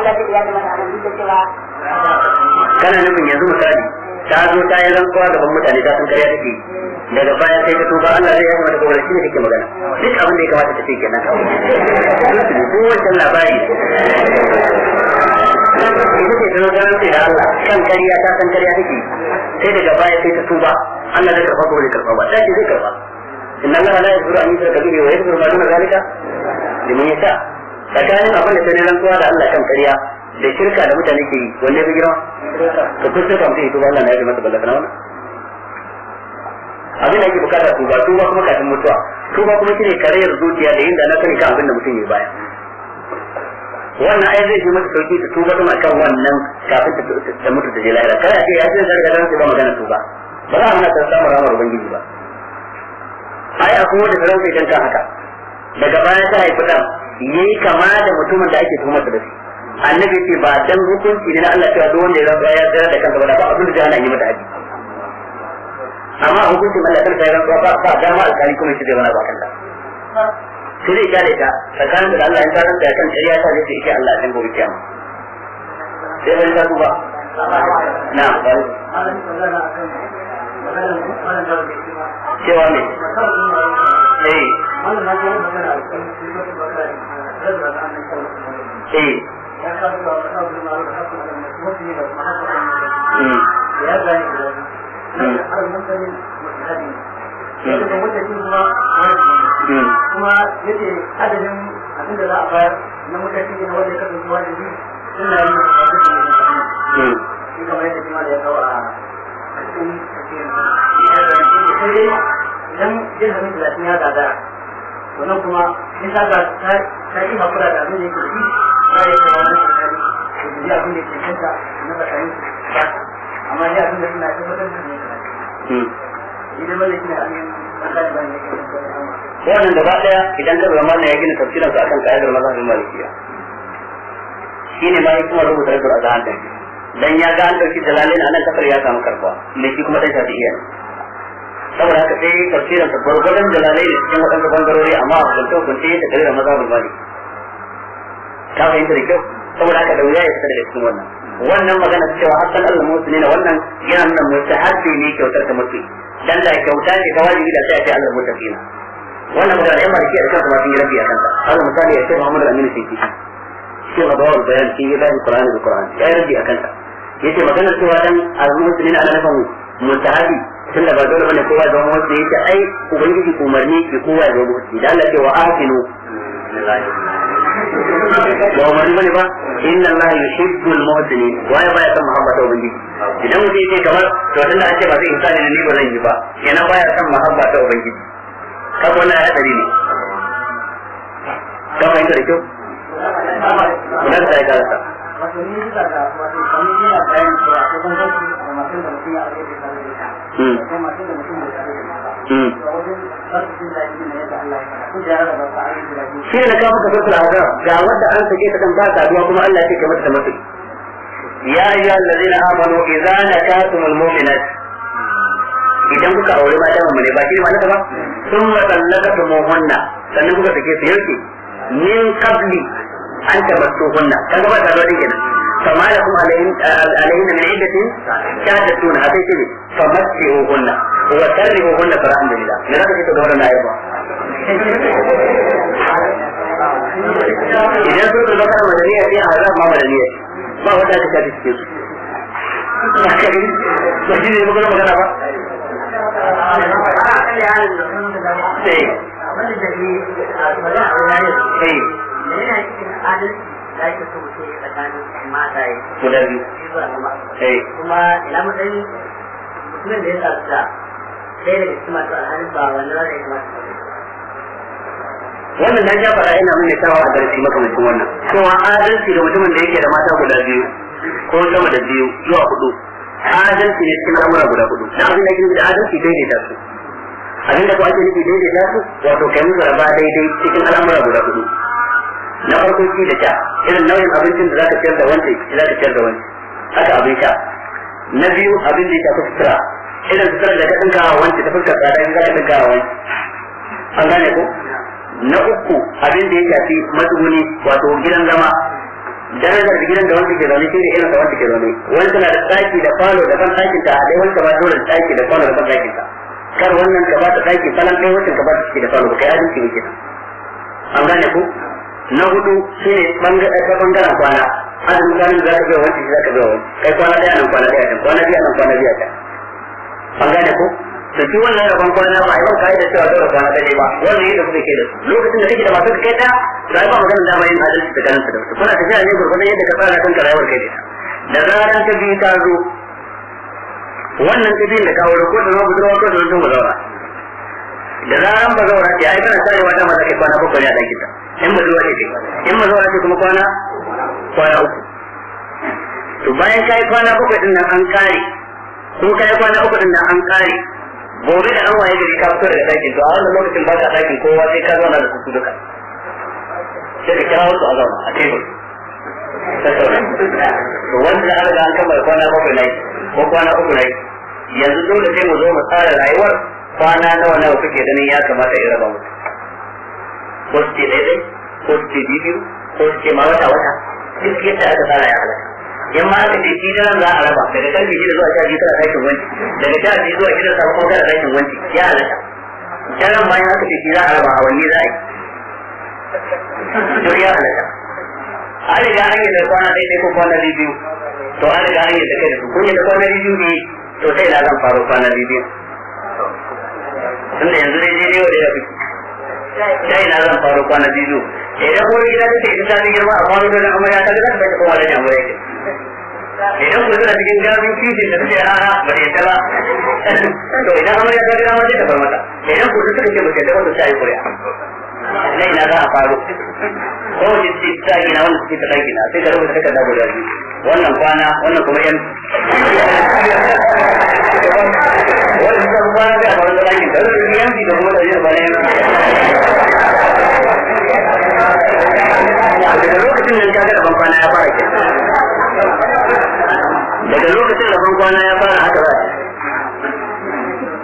da da kana nufin yanzu misali ta zo ta yi rantsuwa gaban mutane ta sun karya take daga baya sai ta tuba Allah zai mata shi ne take magana duk abin da kamata ta ce kenan duk wancan labari da Allah kan karya ta san karya take sai daga baya sai ta tuba Allah zai karba karba ba sai zai karba inna Allah la an wa ma zalika yasha tsakanin abin da ta ne rantsuwa da Allah kan karya da shirka da mutane ke yi wanne fi girma Ka kun shirka mutane ya tuba Allah na yi masa ballaka na wannan abin da yake bukata tuba tuba kuma kafin mutuwa tuba kuma shine karayar zuciya da yin da na sani kan abin da mutum ya baya wannan ai zai yi mata sauki ta tuba tana kan wannan kafin ta mutu da jela'ira kai a ce ya ce zai ga dan ba magana tuba ba za a hana ta samun ramar ubangiji ba ai akwai wanda sarauta idan ta haka daga baya ta haifi dan yayi kama da mutumin da ake tuhumar da shi annabi ce ba dan hukunci ne na Allah cewa duk wanda ya ya tsira da kanka ba ba abin da zai yi mata aji, amma hukuncin Allah kansa ya rantsuwa ba ba dama alƙali kuma shi zai wani ba kanka zai kyale ta tsakanin da Allah ya tsara da kan shari'a ta zai ce Allah dan gobe kiyama sai wani ta tuba na'am bari cewa ne. eh eh kuma yake adadin abinda za a bayar na mutaci ne wanda ya kasance wajen yi suna yi a cikin wajen yi kuma yake kamar yadda kima da ya kawo a cikin cikin yadda ya kasance wajen yi don yin hannun da ya tsaya da wannan kuma in ta ga ta yi hakura da abin da yake yi ta ya kai wani tsakani da ji abin da ke kanta na tsakani ba amma ya abin da ina yi hmm. da ne idan ba ne kina abin ba ne ke wannan gaba daya idan ka zama ya gina tafsirinsa akan mazhabin malikiya ma hikimar rubuta a azhan dan ya ga an dauki dalalin kafar ya samu karba me shi kuma shafi saboda haka sai tafsirin sa gwargwadon jalalai da cikin waɗansu bangarori amma a kunce kunce da kare da maza bulmali ta fahimta da kyau saboda haka da wuya ya fita daga cikin wannan wannan magana cewa hasan Allah musulmi ne wannan yana nuna mustahabbi ne kyautar ta mutu dan da kyauta ce ta wajibi da sai a ce Allah mutafina wannan magana da yan maliki a cikin kuma sun yi rabi a kanta Allah misali ya ce Muhammad Aminu Sisi shi ga bawar bayan shi ya bayan Qur'ani da Qur'ani ya yi rabi a kanta yace magana cewa dan al-muslimin ana nufin mutahabi tun da ba dole bane kowa zama wasu yake ai ubangiji umarni ke kowa ya zama wasu idan Allah wa ahsinu ba umarni bane ba inna Allah yuhibbul wa ya baya san muhabbata ubangiji idan mutum yake kamar to tunda an ce ba zai insani ne ba zan yi ba kenan baya san muhabbata ubangiji kan wannan ya hadari ne kama fahimta da kyau kuna da sai ka wato ni bisa ga ne da Allah ka fuka sarkin ga wanda an sake ta kan ba zuwa kuma Allah ya ce kamar ta mafi يا أيها الذين آمنوا إذا نكاتم المؤمنات idan kuka aure ma dama mu ne ba shi ne ma'anarsa ba sun matsalaka ta mohonna sannan kuka sake su yanke min kabli أنت مكتوبنا كذا ما قالوا لينا فما لكم علينا آه، علينا من عدة كانت تون هذا كذي فمكتوبنا وكرهوهن فرحم لله نرى كيف تقول لنا أيضا إذا كنت تذكر مدنية فيها هذا ما مدنية ما هو تاتي كاتي سكيب مجيني مقرم مقرم مقرم Hey. da yana cikin adalci za yake so mutum tsakanin mata ya guda biyu eh. kuma ina matsayin mutumin da ya sa da ɗaya daga cikin masu alhalin ba wani rana ya kamata wannan na ja fara ina mai tawa a darasi makamancin wannan cewa adalci ga mutumin da yake da mata guda biyu ko sama da biyu zuwa hudu adalci ne cikin al'amura guda hudu Na abin da ake da adalci daidaita su abin da ko ake nufi daidaita su wato kai mu zaraba daidai cikin al'amura guda hudu na farko shi da sha irin nau'in abincin da za ka ciyar da wanda za ka ciyar da wanda haka abin sha na biyu abin da ya shafi sutura irin sutura da ka dinka wa wanda ta fuskar tsada in za ka dinka wa wanda an gane ko na uku abin da ya shafi matsuguni wato gidan zama darajar da gidan da wanda ke zaune shi ne irin da wanda ke zaune wani tana da tsaki da falo da kan tsakin ta dai wanda ba dole tsaki da falo da kan tsakin ta kar wannan ka ba ta tsaki falan kai wancan ka ba ta ciki da falo ba kai adalci ne kenan an gane ko na hudu shine eh, ta bangaren kwana azumin kwanan da za ka biya wancan shi za ka biya wani kai kwana daya nan kwana daya can kwana biya nan kwana biya can an gane ko to shi wannan rabon kwana ba a yi ban kai da cewa zai kwana dai ba wannan da kuma ke da su lokacin da kake da masu kai ta za ba magana da bayan adalci da ganin su da su kuna tafiya ne gurgurdan yadda ka tsara kanka rayuwar kai da zaran ta biyu ta zo wannan ta biyun da kawo wuri ko da ma budurwa ko da zama mazaura da zaran ba zaura ce ai kana tarewa wata za ka kwana bakwai a dakin ta in ba zuwa ce in ba zaura ce kuma kwana kwana uku to bayan kai kwana bakwai din nan an kare ko kai kwana uku din nan an kare gobe da an waye gari ka fito daga dakin to a wannan lokacin ba ka dakin kowa sai ka zauna da su duka sai ka kira wasu a zauna a tebur to wanda da an riga an kammala kwana bakwai na ko kwana uku na yanzu dole sai mu zo mu tsara rayuwar kwana nawa nawa kuke ganin ya kamata ya raba mutu ko suke daidai ko suke bibiyu ko suke ma wata wata duk yadda aka tsara ya halaka in ma aka ce kidan za a raba daga karfe shida zuwa sha biyu kana tashin wanci daga sha biyu zuwa shida sa kuma kana tashin wanci ya halaka daren bayan aka ce shi za a raba awanni za a yi duk ya halaka a riga an yi da kwana ɗaya ko kwana bibiyu to an riga an yi da kai da su kun yi da kwana bibiyu ne to sai na zan faro kwana bibiyu tunda yanzu dai ne yau da ya fi ta ina zan faro kwana biyu idan kuma gida ta ce ta girma a kwano dole amarya ta ga ta kuma da amarya ke idan kuma tana cikin gabin kishi da suke rana ba da yadda ba to idan amarya ta gina mace ta far idan kuma suka ce ba ta yadda ta yi kuri'a na ina faro ko wani ce ta gina wani suke ta gina sai ka rubuta takarda guda biyu wannan kwana wannan kuma yan daban wanda da da zai da daga lokacin da ya fara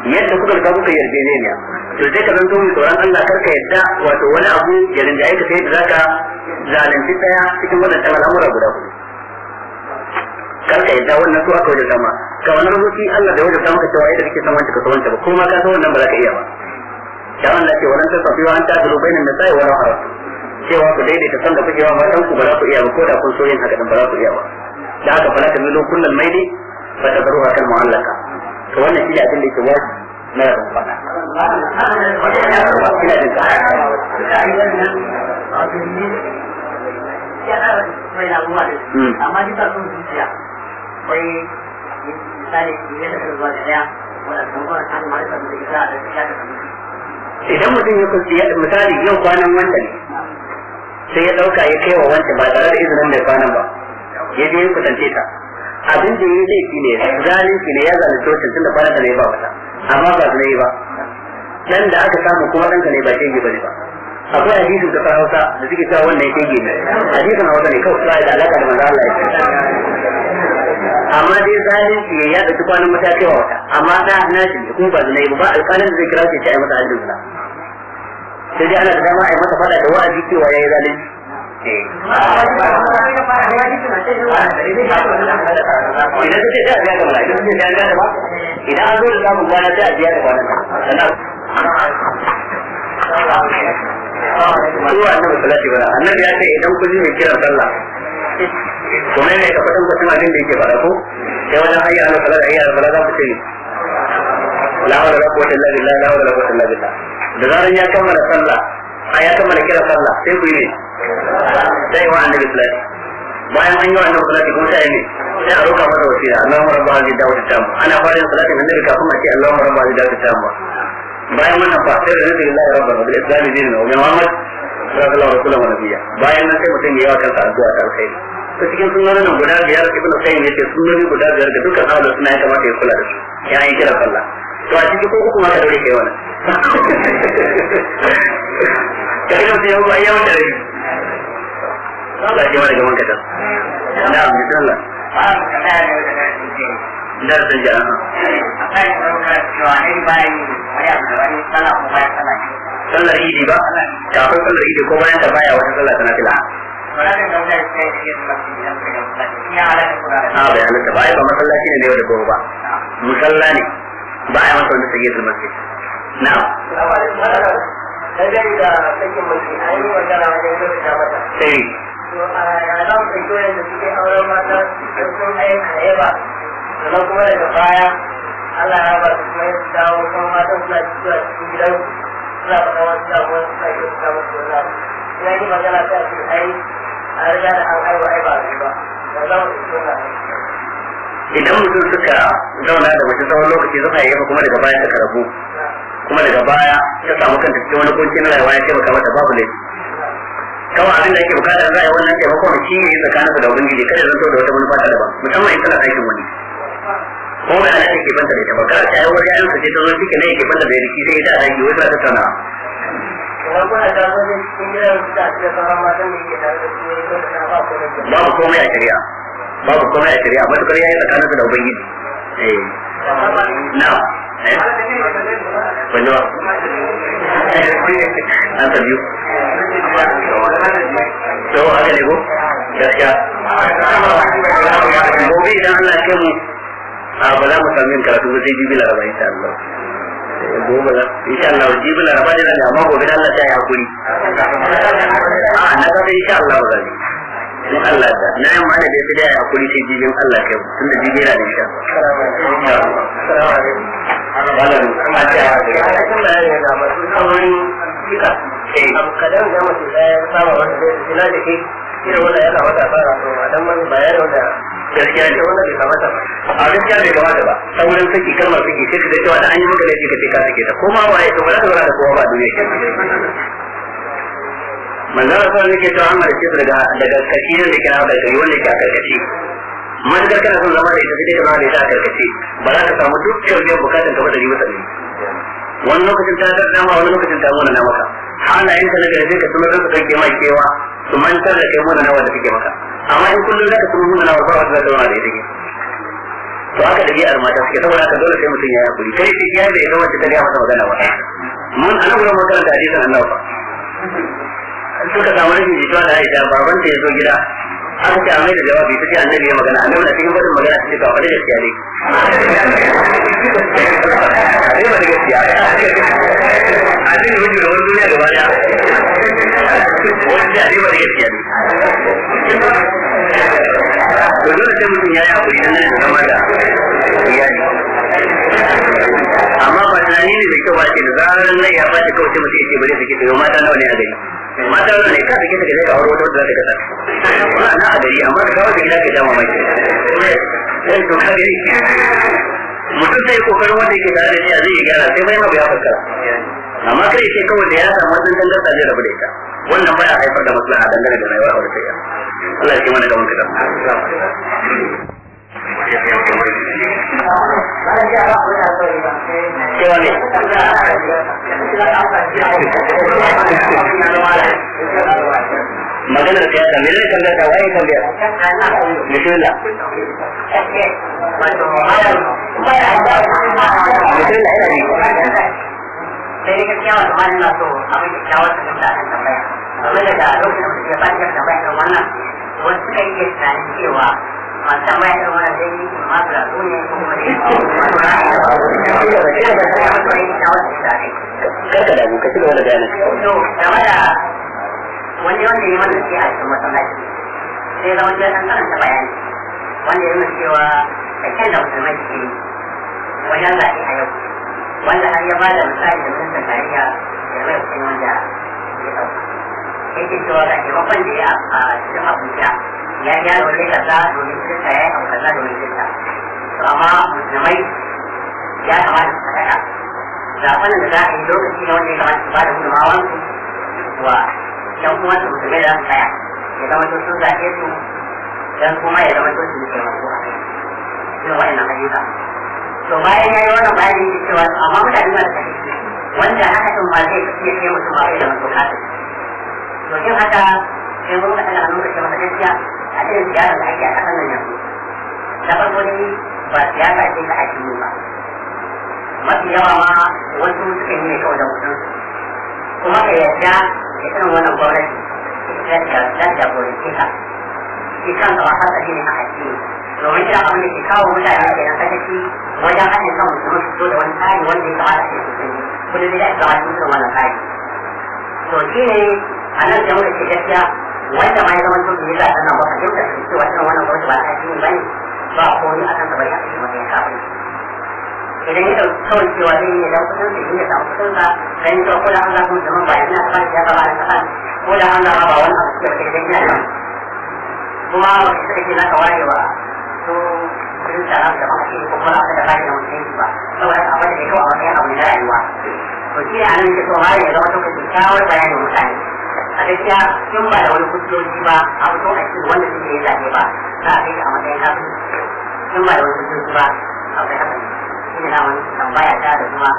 yadda kuka ga kuka yarjejeniya to ka zanto mu tsoron Allah kar ka yadda wato wani abu ya rinjaye ka sai da zaka zalunci daya cikin wannan al'amura guda hudu kar ka yadda wannan su aka wajen dama ka wani rubuci Allah da wajen dama ka cewa yadda kake san wancan ka san wancan ba kuma ka san wannan ba za ka iya ba Ya Allah ce wannan ta safiwa an ta duru bainan nisa'i wa lahara cewa ku daidaita san da kuke wa matan ku ba za ku iya ba ko da kun so yin haka ba za ku iya ba da haka fara ta milo kullal maili fa ta zaruha kal mu'allaka to wannan shi ne abin da yake wajibi na yaron fada ina jin ka hmm. zuciya akwai misali ne da zuwa da daya wanda kuma ta ma da da ita da ta idan mutum ya kunci misali yau kwanan wanda ne sai ya dauka ya kai wa wanda ba tare da izinin mai kwanan ba ya je ya kusance ta abin da yi zai fi ne zalunci ne ya zalunce wacce tun da kwanan da ne ba wata amma ba su ne ba dan da aka samu kuma ɗanka ne ba shege ba ne ba akwai hadisin fara hausa da suke cewa wannan yi ne hadisin hausa ne kawai ba da alaka da manzo Allah ya amma dai zalunci ya yada duk wani matakewa wata amma da na shi ne kuma ba zai yi ba alƙalin zai kira shi ai masa aljin sai dai ana da dama ai masa fada da wa'azi cewa yayi zalunci eh. idan ce ta da ta idan an zo da samun gwana sai a biya da gwana sannan Zuwa annabi salati bala annabi ya ce idan kun mai kiran sallah kuma ne ka fatan kusan abin da yake fara ko sai wajen hayya na kala da na salat za ku ce la hawla la quwwata illa billah la hawla la quwwata illa billah da zaran ya kammala sallah a ya kammala kira sallah sai ku yi ne sai wa annabi sallallahu bayan an yi wannan salati kuma sai ne sai a roƙa masa wasiya Allahumma rabba hadhihi da'wati tamma ana fara yin salatin annabi kafin a ce Allahumma rabba hadhihi da'wati tamma bayan wannan fa sai da rabbi lillahi rabbil alamin wa bi muhammad sallallahu alaihi wasallam nabiyya bayan nan sai mutum ya yi wa kansa addu'a ta alkhairi ta cikin sunan nan guda biyar ibn qayyim yace sunani guda biyar da dukkan ahlus sunna ya kamata ya kula da su ya yi kira sallah to a cikin ko kuma ka daure kai wannan kai ne mutum ba ya wuce rabi Allah ya mana gaban kadan da bismillah darasin jama'a akwai wani cewa in bayan wani abu da wani sallah ko bayan sallah sallar idi ba kafin sallar idi ko bayan ta baya wata sallar na fila a ah, bai halatta ba ba masallaci ne da gobe ba musalla ne ba ai masa wanda sayyidul masjid Na sai da sakin da a ran da suke auren mata sun aika kuma daga baya Allah ya ba su kuma dawo kuma suna cikin gidan wani yi magana ta a da ba a ba ba za mu idan mutum suka zauna da wata tsawon lokaci suka yi kuma daga baya suka rabu kuma daga baya ta samu kanta cikin wani kunci na rayuwa ya taimaka mata babu laifi kawo abin da ake bukatar za a yi wannan taimakon shi ne tsakanin da gidi kada zan so da wata manufa ta daban musamman in tana aikin wani ko ba ana take banta da ita ba kada ta yi wani ayyuka ce ta zo cikin ne yake banta da shi sai ita a daki wai ta tsana babu komai a shari'a babu komai a shari'a matukar yayi tsakanin da ubangiji na eh wanda eh. an tabi to haka ne ko gaskiya gobe idan Allah ya mu a ba za mu sami yin karatu ba sai jibi laraba insha Allah eh, gobe insha Allah jibi laraba ne zan amma gobe Allah ta yi hakuri a na kafa insha Allah ba zai in Allah da na yi mana da ya yi sai jibin Allah kai tun da jibi yana da eh. insha Allah. irin wannan ya kamata a fara so dan man bayar da gaskiya ne wannan bai kamata ba a gaskiya bai kamata ba ta wurin saki kalmar saki sai ka ga cewa da an yi maka laifi ka ce ka sake ta ko ma waye to ba za ka zauna da kowa ba duniya ke manzan rasuwa ne ke cewa an halarci su daga daga kashi nan da kira daga yi wanda ke a karkashi matuƙar kana son zama da ita sai zama da ita a karkashi ba za ka samu dukkan biyan bukatan ka ba da yi masa ne wani lokacin ta dama wani lokacin ta mona na maka halayen ka na gari ka sanar da kake mai kewa su mantar da kai muna nawa da kake maka amma in kullum za ka sanar muna nawa ba wata za wani da ita to haka da biyar mata suke saboda ka dole sai mutum ya yi hakuri kai shi ya bai ya wacce ta gaya masa magana ba mun ana gura wurin da hadisan ba. suka samu rashin jituwa da aisha baban ta ya zo gida അതിന്റെ അമ്മയുടെ ജവാബ് വീട്ടിൽ അന്നലിയ മകൻ അന്നവിടെ അധികം മകൻ അച്ഛൻ കവളെ എത്തിയാലേ അതിന് വീട്ടിൽ ഒരു തുണിയത് പറയാം അമ്മ പറഞ്ഞ വിട്ടുവാറ്റി ഉദാഹരണങ്ങളെ ഏർപ്പാട്ടൊക്കെ വെച്ച് മതി വിളിപ്പിക്കുന്നത് മാറ്റാൻ പറയാതെ mata wanda ne ka take daga daga aure wanda zaka gada ba na a gari amma ka wanda gida ka dama mai sai to ka gari mutum sai kokarin wanda yake tare da ni a zai gyara sai mai ma bai fakkara amma kai sai kawai da ya samu wannan dangantar da rabu da wannan baya haifar da maslaha dangane da rayuwar aure ta Allah ya ce mana da ka kada cewa ne maganar da ya sami zai tambaya bismillah bismillah ne karka da da da wani wanda siya a cikin sai wani yana ya cewa ke wajen a yau wanda har ya ba da misali da ministan tarayya da mai kuɗin wanda ya ɗauka yake cewa ke taimakon da ya a cikin abuja ya gyara wajen domin kirista ya yi abu kaza domin kirista to amma musulmai ya kamata su faɗa zaɓen da za a yi lokaci na wanda ya kamata su ba da gudunmawan wa ɗan uwan su musulmai da za su ya zama to zaɓe su dan kuma ya zama to su yi taimako a kai irin waɗannan to bayan ya yi wannan bayani yake cewa amma mutane masu kashe wanda haka sun ba zai iya kai mutum ba da mutum kafin to yin haka sai mun ga ana nuna cewa a ce da ake a ƙasar nan yanzu na farko dai ba siyasa ce ta yi ba mafi yawa ma wasu suka yi ne kawai da mutum? kuma ka yarda da irin wannan gwamnati za ta jagorance ka shi kanka ba haka shi ne a addini domin shi abin da ke kawo mutane da yan sakaci wajen hanyar kan musulmi su da wani tsari wanda ya kamata ke sosai kullum da ya kamata mutum da wannan tsari to shi ne a nan da muka ke gaskiya wanda ma ya zama to bai da sannan ba ka dinga cewa irin wannan wanda ba ta shi ne bane ba komai a kan tabari a cikin wata ya kafin idan ya dauki kawai cewa zai yi dan da ya samu kudin sa ganin cewa ko da an zafi zaman ba yana ta ya gaba a kafan ko da an zafa ba wani abu ke da yana nan kuma wani suka ce naka wayewa to kudin sa na da mafi ko kuma aka da bayan wani yanki ba saboda a bada da kyau a matsayin abu na rayuwa to shi a nan ke so ma ya zama to kyakkyawar bayanin mutane a gaskiya sun ba da wani kusurori ba a fito a cikin wanda suke yi zaɓe ba za a kai a matsayin kafin sun ba da wani kusurori ba a kai haka shi ne namun tambaya ta da kuma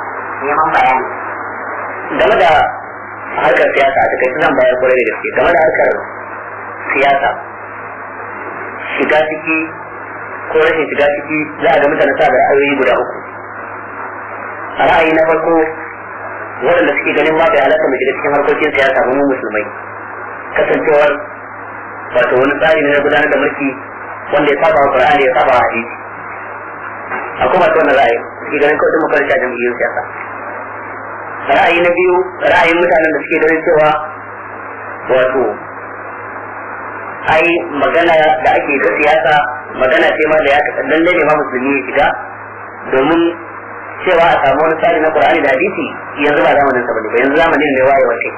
neman bayani. game da harkar siyasa a takaice zan bayan kwarai da gaske game da harkar siyasa shiga ciki ko rashin shiga ciki za a ga mutane sa da ra'ayoyi guda uku ra'ayi na farko waɗanda suke ganin ma bai halatta mai shiga cikin harkokin siyasa mu musulmai kasancewar wato wani tsari ne na gudanar da mulki wanda ya saba wa Qur'ani ya saba wa hadisi akwai masu wannan ra'ayi suke ganin kawai mu karanta jam'iyyar siyasa ra'ayi na biyu ra'ayin mutanen da suke ganin cewa wato ai magana da ake ga siyasa magana ce ma da ya lallai ne ma musulmi ya shiga domin cewa a samu wani tsari na Qur'ani da hadisi yanzu ba zamanin sa bane ba yanzu zamanin ne waye wace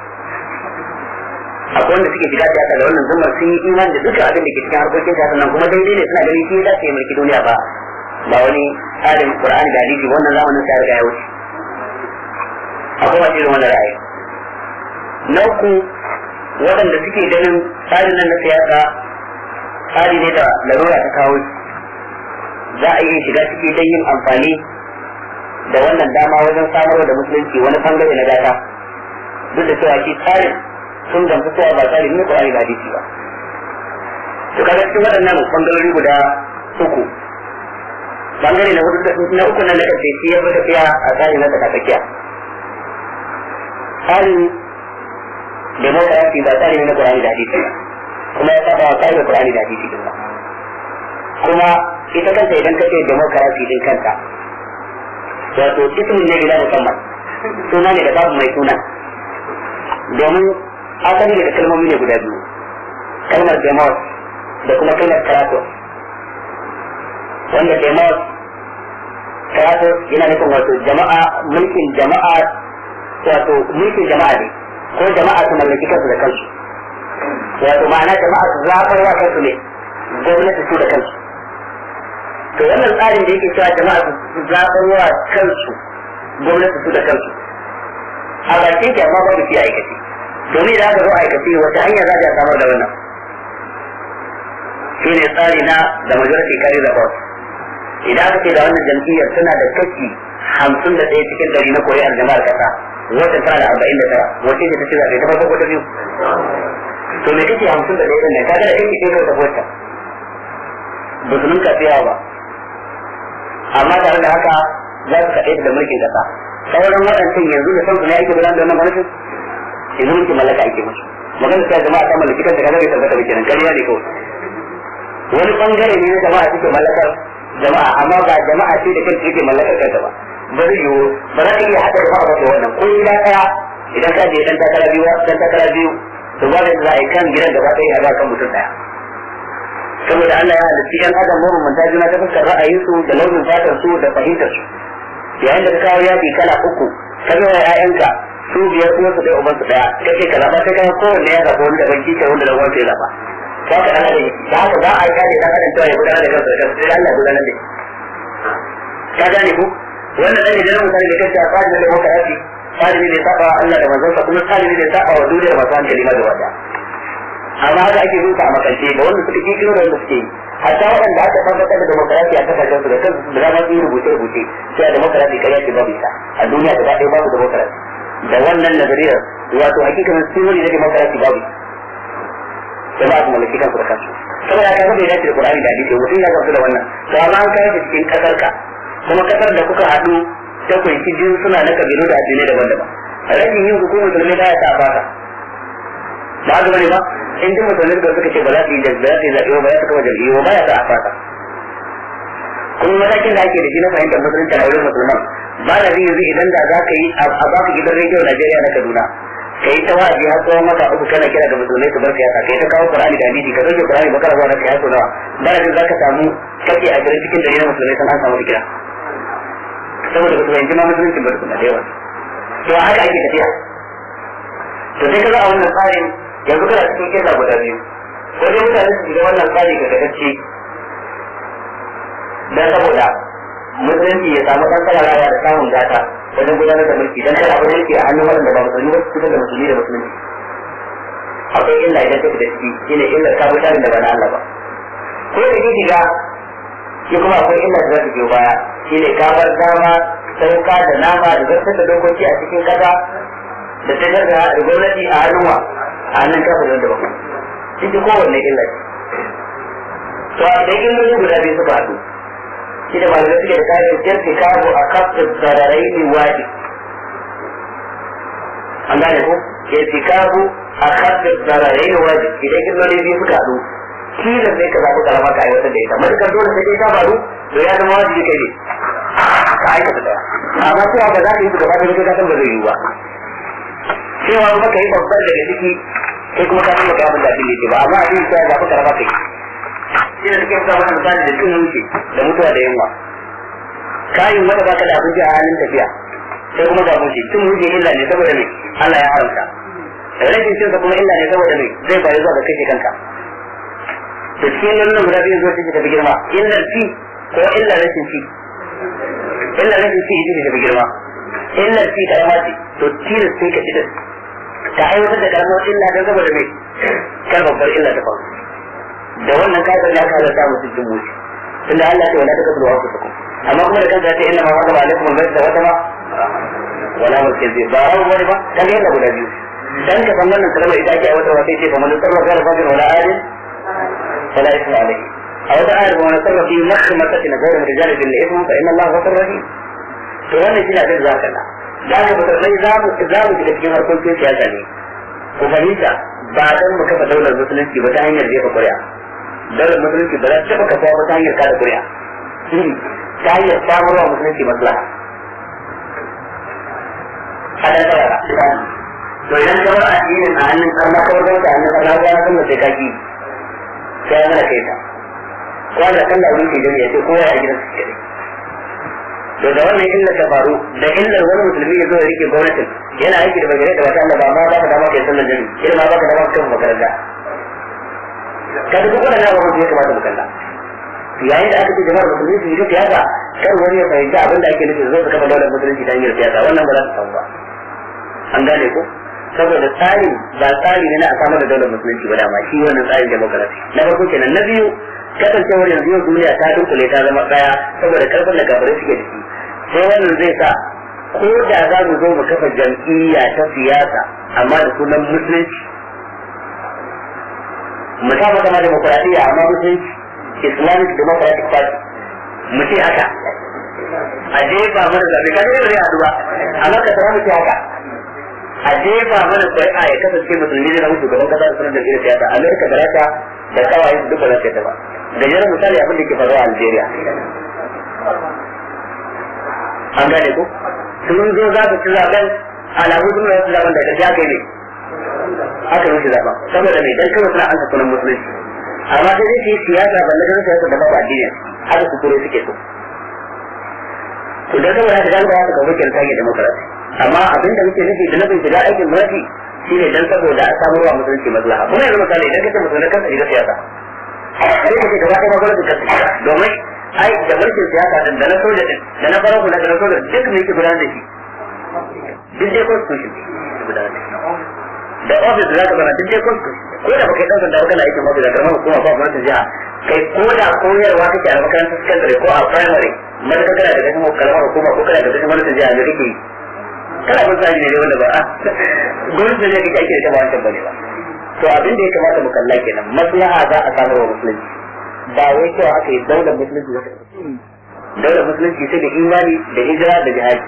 akwai wanda suke shiga siyasa da wannan zuma sun yi imani da duka abin da ke cikin harkokin siyasa nan kuma daidai ne suna ganin shi ya dace ya mulki duniya ba ba wani tsarin Qur'ani da hadisi wannan zamanin sa riga ya wuce akwai wace irin wannan ra'ayi na uku waɗanda suke ganin tsarin nan na siyasa tsari ne da larura ta kawo za a yi shiga ciki don yin amfani da wannan dama wajen samar da musulunci wani fangare na gata duk da cewa shi tsarin sun gamsu cewa ba tsarin ne Qur'ani da hadisi ba to kaga cikin waɗannan fangarori guda uku bangare na na uku na lakace shi ya fi tafiya a tsarin na tsakatsakiya tsarin demokarasi ba tsari ne na Qur'ani da hadisi ba kuma ya saba tsarin da Qur'ani da hadisi ba kuma ita kanta idan ka ce demokarasi din kanta wato ismin ne gida musamman suna ne da babu mai suna domin asali da kalmomi ne guda biyu kalmar demos da kuma kalmar karato wanda demos karato yana nufin wato jama'a mulkin jama'a wato mulkin jama'a ne ko jama'a su mallaki kansu da kansu wato ma'ana jama'a su zaɓar wa kansu ne gwamnati su da kansu to wannan tsarin da yake cewa jama'a su zaɓar wa kansu gwamnati su da kansu a bakin ta amma babu shi aikace domin da aka zo aikace wata hanya za a samar da wannan shi ne tsari na da majority kare da vote idan aka ce da wannan jam'iyyar tana da kashi hamsin da ɗaya cikin ɗari na koyar jama'ar ƙasa wata tana arba'in da tara wace ce ta ce zaɓe ta farko ko ta biyu to me kake hamsin da ɗaya ɗin nan ga da kashi ɗaya ta wata ba su ninka fiyawa ba amma tare da haka za su kaɗai da mulkin ƙasa sauran waɗancan yanzu da kansu ne ake gudanar da wannan gwamnatin yanzu mulkin mallaka ake musu magana ta jama'a ta mallaki kanta kaza bai tabbata ba kenan kariya ne kawai wani bangare ne na jama'a suke mallakar jama'a amma ba jama'a ce da kanta ke mallakar kanta ba bari yiwu ba za ka iya haɗa jama'a ba ta wannan ko gida ɗaya idan ka je dan takara biyu dan takara biyu to ba da za a yi kan gidan da ta yi a ba kan mutum ɗaya saboda Allah ya halitta yan adam mabambanta juna ta fuskar ra'ayinsu da launin fatar su da fahimtar su yayin da ka kawo yaƙi kala uku ka zama ƴaƴanka su biyar kuma su dai uban su ɗaya ka ce ka zaɓa sai ka kowanne ya zaɓa wanda ban kike wanda da wanda ya zaɓa ka haka dan adam ka haka ba a gane da adam cewa ya gudanar da kansa da kansa sai Allah gudanar da ka gane ku wannan dan idan mun da kace a tsarin da wanda yake tsarin ne saba Allah da manzon sa kuma tsarin ne saba wa duniyar masu hankali na gaba wata. amma da ake zuwa a makance da wanda suka ke kiran da suke yi hatta waɗanda aka tabbatar da demokarasi a kasashen su da kan da dama rubuce rubuce sai a demokarasi kai yake babu ita a duniya da ɗaya babu demokarasi da wannan nazariyar wato hakikanin sunoni na demokarasi babu da ba su mallaki kansu da kansu saboda haka bai dace da Qur'ani da hadisi mutum ya gamsu da wannan to amma an kai da cikin kasar ka kuma kasar da kuka haɗu ta kunshi biyu suna na kabilu da addinai daban-daban rashin yin hukumar musulmi ta ya ta fata ba haka ba in ji mutane da suka ce ba za su yi jazz ba za su yi ba ya ta kama jam'iyyu ba ya ta a fata kuma matakin da ake da shi na fahimtar musulunci a wurin musulman ba da zai yanzu idan da za ka yi a ba ka gidan rediyo Najeriya na Kaduna ka yi ta wa'azi har tsawon mata uku kana kira da musulmai su bar ka yasa ka yi ta kawo Qur'ani da hadisi ka sauke Qur'ani bakar zuwa na ka yaso nawa ba da za ka samu kake a garin cikin dalilin musulmai sun an samu kira saboda ba su fahimci ma musulunci ba su da yawa to haka ake tafiya to sai ka za a wannan tsarin yanzu kana cikin kesa guda biyu wajen mutane su shiga wannan tsari ga gadacce Na saboda musulunci ya samu ɗan sararawa da samun gata wajen gudanar da mulki don kada abin yake a hannun waɗanda ba musulmi ba su fitar da musulmi da musulmi akwai illa idan tafi da ciki shine illar kawo tarin da ba na Allah ba ko da ke shiga shi kuma akwai illa da za ta biyo baya shine kamar dama sauka da nama da zartar da dokoki a cikin kasa da tafiyar da gwamnati a hannun wa a nan ta da ba ciki kowanne illa ce to a da illolin guda biyu suka haɗu shi da malamai suke da kayan jirki kamu a kafin sararai ne wajib an gane ko jirki kamu a kafin sararai ne wajib idan illolin biyu suka haɗu kilan ne ka zaɓi karama ka aiwatar da ita matukar dole sai dai ta faru to ya zama wajibi kai ne ka aikata daya amma sai ba za ka yi su gaba da ka san ba zai yiwu ba cewa ba ka yi babban daga ciki sai kuma ka zama kamar da abin ba amma abin ta zaɓi karama kai shi da suke fita wani misali da cin wuce da mutuwa da yunwa kayan wanda ba ka da abinci a halin tafiya sai kuma ga mushi cin wuce illa ne saboda ne Allah ya haramta rashin cinsa kuma illa ne saboda ne zai bayu zuwa ga kashe kanka da cikin nan guda biyu zuwa cikin tafi girma illa ci ko illa rashin ci illa rashin ci ita tafi girma illa ci karama ce to tilas sai ka ci ta aiwatar da karamar illa zama da mai kan babbar illa ta faru da wannan kafin da aka halatta musu jin mutu da Allah ce wala kasar wasu kusa amma kuma da kan ce inna ma wata ba alaikum bai da wata ba wala mulki zai ba rawu wani ba kan yana guda biyu dan ka san wannan kalmar idan ake aiwatar wata sai ce kamar sarrafa ga rafin wala adin wala isma alaihi a wata ayar ba wani sarrafi makhmatatin gairin rijalin bil ism fa inna Allah ghafurur rahim to wannan shi na zai da na da ga musulmai za mu za mu shiga cikin harkokin siyasa ne ku fahimta ba dan mu kafa daular musulunci ba ta hanyar jefa ƙuri'a. daular musulunci ba za ta taba kafa ba ta hanyar kada kuri'a ta hanyar samar wa musulunci maslaha hada da yara to idan ka bar addinin a hannun karna ka bar dauka hannun karna ba ya kuma sai ka ki sai ya mana kai ta ko da kan da wuce ya sai kowa ya gina su kadai daga da wannan illar ta faru da illar wani musulmi ya zo ya rike gwamnatin yana aiki da bagare da wata ba ma za ka dama kai sallar jami'i irin ma ba ka dama kan makaranta ka duk ba abu ne kuma da kalla yayin da aka ce jama'ar musulmi su yi siyasa kar wani ya fahimci abin da ake nufi zo su kafa daular musulunci ta hanyar siyasa wannan ba za su samu ba an gane ko saboda tsari ba tsari ne na a samar da daular musulunci ba dama shi wannan tsarin demokarasi na farko kenan na biyu kasancewar yanzu yau duniya ta dunkule ta zama tsaya saboda karfin da kafirai suke da shi sai wannan zai sa ko da za mu zo mu kafa jam'iyya ta siyasa amma da sunan musulunci mu sa mata ma demokuraɗiyya amma musulunci islamic democratic party mu ce haka a jefa mana zaɓe ka ne ba duba a ba amma ka mu ce haka a jefa mana shari'a ya kasance musulmi zai na shugaban kasa kasar sunan da irin siyasa amerika da rata da kawai su duka zai ta ba da yana misali abin da ke faru a algeria an gane ko sun zo za su ci zaben alamu sun zo su zaben da gaskiya kai ne aka rushe zaben saboda mai dan kawai suna ansa sunan musulmi amma sai zai yi siyasa ba na ganin siyasa da babu addini haka su kure suke so to dan saboda haka dan ba haka ga mutum ta demokarasi amma abin da muke nufi da nufin shiga aikin mulki ne don saboda a samu wa musulunci maslaha kuma yanzu misali idan kace musulunci kansa shiga siyasa sai kace gaba ɗaya gwamnati ta shiga domin ai da mulkin siyasa din da na soja din da na farar hula da na soja duk ne yake gudanar da shi duk dai constitution gudanar da shi da ofis da zaka zana duk kun ko da baka dauka da kana aikin ofis da karamar hukuma ba gwamnati jiha kai ko da koyarwa kake a makarantar secondary ko a primary man ka da kuma karamar hukuma ko kana da kuma gwamnati jiha da kake kana bin tsari ne wanda ba a gurin da zai kake ake da wancan bane ba to abin da ya kamata mu kalla kenan maslaha za a samu wa musulunci ba wai cewa aka yi daular musulunci ba daular musulunci sai da imani da hijira da jihadi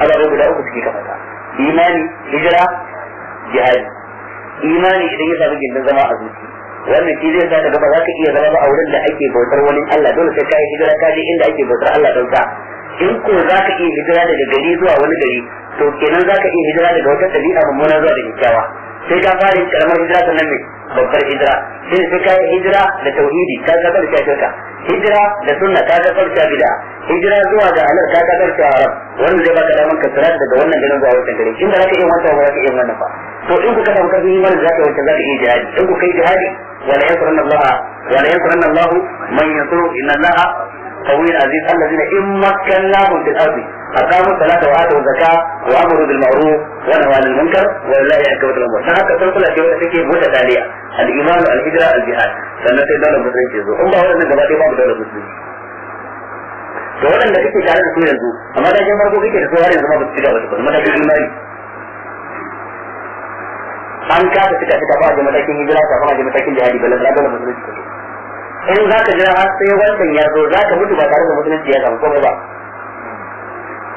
ababai guda uku suke kafa imani hijira jihadi imani idan ya samu gindin zama a zuci wannan shi zai sa da gaba za ka iya zama ba a wurin da ake bautar wani Allah dole sai ka yi hijira ka je inda ake bautar Allah don in ko za ka iya hijira daga gari zuwa wani gari to kenan za ka iya hijira daga wata ɗabi'a mummuna zuwa da kyakkyawa sai ka fara yin karamar hijira sannan mai babbar hijira sai sai ka yi hijira da tauhidi ka ga barka shirka hijira da sunna ka ga kar bid'a hijira zuwa ga halal ka ga kar haram wannan zai baka daman ka daga wannan garin zuwa wata gari inda ka iya wata ba ka iya wannan ba to in kuka samu karfin imanin ka wata za ka iya jihadi in kuka yi jihadi wala yansurunna wala yansurunna man yansuru inna Allah قوي عزيز الذين إن مكناهم في الأرض أقاموا الصلاة وآتوا الزكاة وأمروا بالمعروف ونهوا عن المنكر ولله عقبة الأمور فهكا تنقل أشياء تكي متتالية الإيمان الهجرة الجهاد sannan sai dole musulunci ke zo in ba waɗannan gaba ɗaya babu dole musulunci to waɗanda kake tare da su yanzu amma da jin farko kake da su har yanzu ma ba su ci gaba da matakin imani an kasa fita fita ba a matakin hijira kafin a matakin jihadi balan da musulunci in za ka jira har sai wancan ya zo za ka mutu ba tare da mutunci ya samu komai ba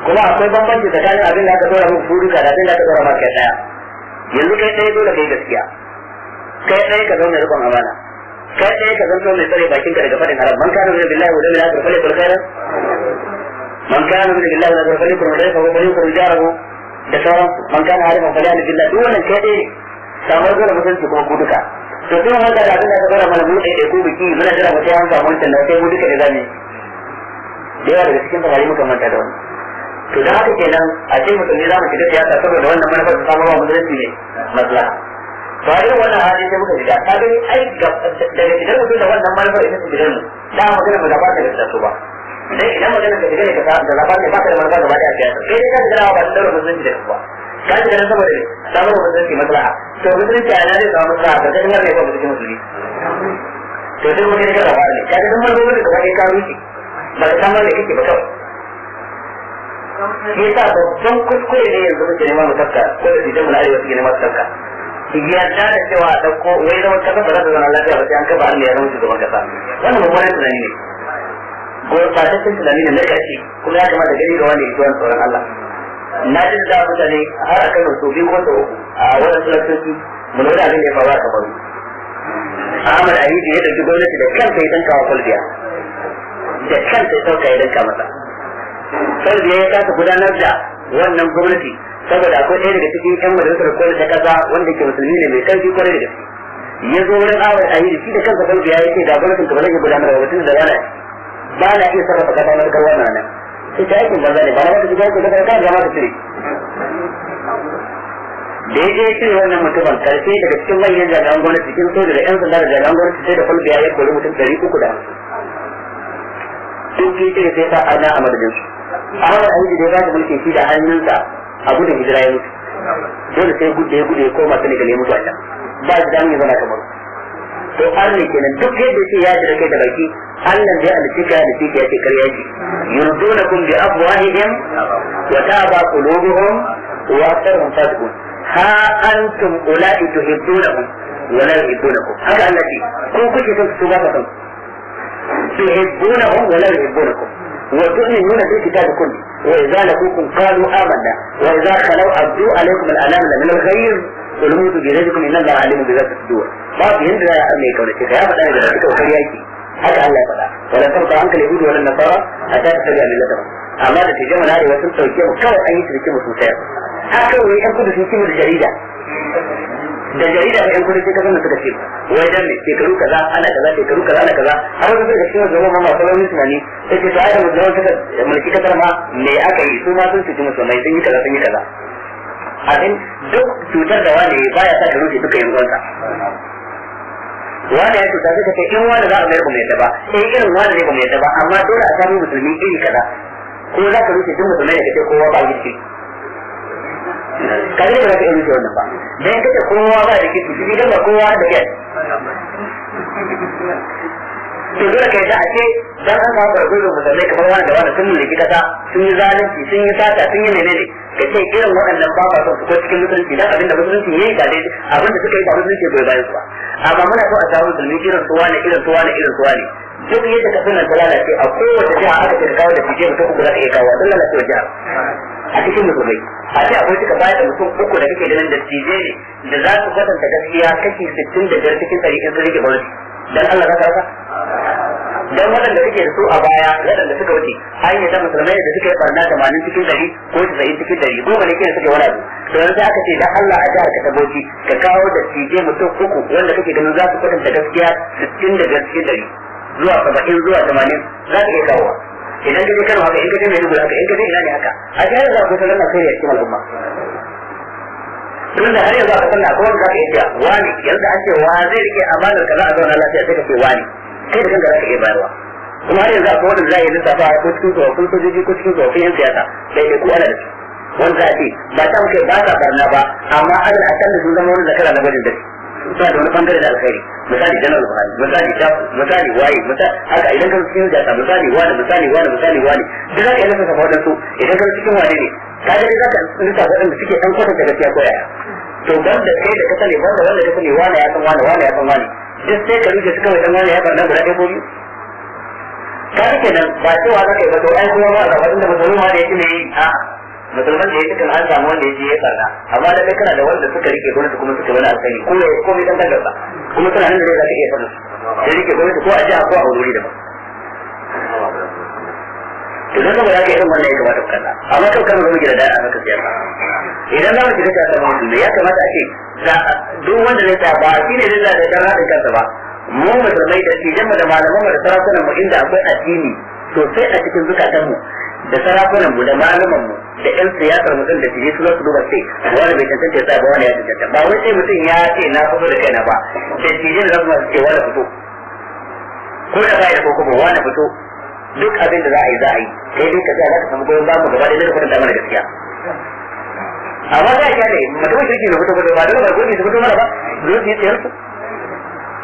kuma akwai bambanci tsakanin abin da aka dora mun buruka da abin da aka dora maka kai daya yanzu kai sai dole kai gaskiya kai sai ka zauna rikon amana kai sai ka zanto mai tsare bakin ka daga fadin haram man kana min billahi wa dawil ka fali kul khairan man kana min billahi wa dawil fali kul khairan fa fali kul jarahu da sauran man kana harifan fali billahi duk wannan kai ɗaya samar da mutunci ko kuduka to sai wanda da abin da ka fara mana buɗe da ko biki muna jira mu sai an samu wancan da sai mu duka da zamu da yawa daga cikin samari muka manta da wannan to da haka kenan a ce musulmi za mu shiga siyasa saboda wannan manufar ta samarwa musulunci ne maslaha to a irin wannan hali sai muka shiga ta gani ai daga shigar mutum da wannan manufar ita su gidan mu da magana mu gaba ta da su ba dan idan magana ka shiga ne ka da labarin ba ka da manufa gaba da siyasa sai dai ka shiga ba da musulunci da su ba ka ji ganin saboda samun musulunci maslaha to musulunci a yana zai samu maslaha ba zai yarda ba musulunci musulmi to sai mutum ya rawa ne ya ga duk da wani ka rushe ba ka samar da kake ba kawai shi yasa babban kuskure ne yanzu muke nema mu tafka ko da jijimu na arewa suke nema su tafka da cewa a ɗauko wai zaman kasa ba za ta zama lafiya ba sai an kafa an ya zama shugaban kasa wannan mummunan tunani ne gurbataccen tunani ne na ƙarshe kuma ya kamata gani ga wanda ya ji wani tsoron Allah na jin da mutane har a kano so biyu ko a wannan sulakoki mun wani abin da ya faru a kamaru Ahmad Ahidi ya dauki gwamnati da kanta ya tanka wa Fulbiya da kanta ya sauka ya danka masa Fulbiya ya kasa gudanar da wannan gwamnati saboda akwai ɗaya daga cikin ƴan majalisar kore ta ƙasa wanda ke musulmi ne mai ƙarfi kwarai da gaske ya zo wurin Ahmad da shi da kansa Fulbiya ya ce da gwamnatin ka ba zai gudanar da mutum da wani ba na iya sarrafa ƙasa na ƙarwa na nan ita aikin banza ne ba wata da kan zama ta da ya wannan mutumin daga cikin manyan jami'an gwamnati cikin soja da yan sanda da jami'an gwamnati sai da ya kori mutum ɗari uku da duk shi sai sa a madadin a hannun aiki da ya bada mulki shi da hannunsa a gudun hijira ya mutu dole sai gudu ya gudu ya koma a can ba da zamu yi zama kamar to Allah kenan duk yadda yake ya da kai da baki Allah zai alice ka da shi ya ce kar yaki yurdunakum bi afwahihim wa ta'aba qulubuhum wa aktharuhum fasiqun ha antum ulai tuhibbunahum wa la yuhibbunakum haka Allah ce ko kuke son su ba ka son tuhibbunahum wa la yuhibbunakum وتؤمنون بالكتاب كله وإذا لقوكم قالوا آمنا وإذا خلوا عبدوا عليكم الأنام من الغيظ qul mutu bi rizqikum inna Allah alimu bi zati sudur ba bi yanda ya mai kaunace ka ya faɗa da zaka kokari yaki haka Allah ya faɗa wala tarda anka yahudu wala nasara hatta tattabi'a millatahum amma da tijama na da wasu dauke mu kawai an yi shirki mu sosai haka wai an kudu sun kimu da jarida da jarida da yan kudu sai kasan suka ce wai dan ne shekaru kaza ana kaza shekaru kaza ana kaza har wasu suka ce zama ma masu rauni tunani sai ce to ai da musulman suka mulki kasar ma me aka yi su ma sun su ji musulmai sun yi kaza sun yi kaza abin duk cutar da wani ba ya sa ta rushe duka yin ruwansa wani ya cuta suka ce in wani za a mayar kuma yadda ba in eh, irin wani ne kuma yadda ba amma dole a samu musulmi iri kaza ko za ka rushe duk musulmai da kake kowa ba wuce kaje da za ka wannan ba dan kake kowa ba da kike shi dan ba kowa da to dole kai da ake dan an samu da musulmai kamar wani da wani sun mulki kasa sun yi zalunci sun yi sata sun yi menene kace irin waɗannan ba ba su ko cikin musulunci dan abin da musulunci yayi ba dai abin da suka yi ba musulunci bai bayar ba amma muna so a samu musulmi irin su wani irin su wani irin su wani duk yadda ka sunan ta lalace a kowace jiha aka ce kawo da fice mutum uku za ka iya kawo don lalace jiha a cikin musulmai a ce akwai suka bayar da mutum uku da kake ganin da cije ne da za su kwatanta gaskiya kashi sittin da cikin ɗari in sun rike bauti dan Allah ka rasa dan waɗanda suke da su a baya waɗanda suka wuce hanyar da ta musulmai da suka yi barna tamanin cikin dari ko tasa'in cikin dari goma ne kiran suke wala wani to yanzu aka ce da Allah a jihar ka ta bauchi ka kawo da tije mutum uku wanda kake ganin za su kwatanta gaskiya sittin daga cikin dari zuwa saba'in zuwa tamanin za ka iya kawowa idan ka je kano haka in ka je maiduguri haka in ka je ina ne haka a jihar za ku sanar sai kai ya cikin al'umma tun da har yanzu aka sanna ko wanda zaka iya wani yanzu an ce wa zai rike amanar kaza a zauna lafiya sai ka ce wani kai da kanka zaka iya bayarwa kuma har yanzu akwai wanda za a yi lissafa ko cikin tsofaffin sojoji ko cikin tsofaffin yan siyasa dai dai ko ana da su wani za a ce ba ta kai ba sa barna ba amma an a akan da sun zama wani zakara na gwajin dare suna da wani bangare da alkhairi misali janar buhari misali jafu misali waye misali haka idan kan cikin jasa misali wani misali wani misali wani duk za ka yi lissafa wadansu idan kan cikin wani ne ka ga dai za ka lissafa waɗanda suke ɗan kwatanta gaskiya ko yaya to ban da kai da ka sani ban da wanda ya sani wani ya san wani wani ya san wani duk sai ka rufe su kawai dan wani ya nan guda ɗaya ko biyu ka kenan ba su za ka yi ba to ai kuma ba a zaɓa da musulmi ma da ya ci mai yi musulman da ya cikin an samu wanda ya je ya sarda amma da kana da wanda suka rike gwamnati kuma suka wani alkhairi ko ya komai dan kan gaba kuma suna nan da za ka iya sanin su ya rike gwamnati ko a jiha ko a wuri ba idan kuma ya ga irin wannan ya kamata kalla amma kan kan zama gidan a haka siyasa idan za mu shiga siyasa mu mutum ya kamata a ce duk wanda ne sa ba shi ne zai sa da haɗin kansa ba mu musulmai da tijan mu da malaman mu da sarakunan mu inda akwai addini sosai a cikin zukatan mu da sarakunan mu da malaman mu da yan siyasar mutum da tije su za su duba sai wani bai cancanta ya sa ba wani ya cancanta ba wai sai mutum ya ce na fito da kaina ba da tijan da za su ce wani fito ko da ya da ko kuma wani fito duk abin da za a yi za a yi kai dai ka ji za ka samu goyon bamu gaba da zai da mana gaskiya amma za ka ne mutum shirki da mutum ba dole ba gobe su mutum ba dole yi tsayar su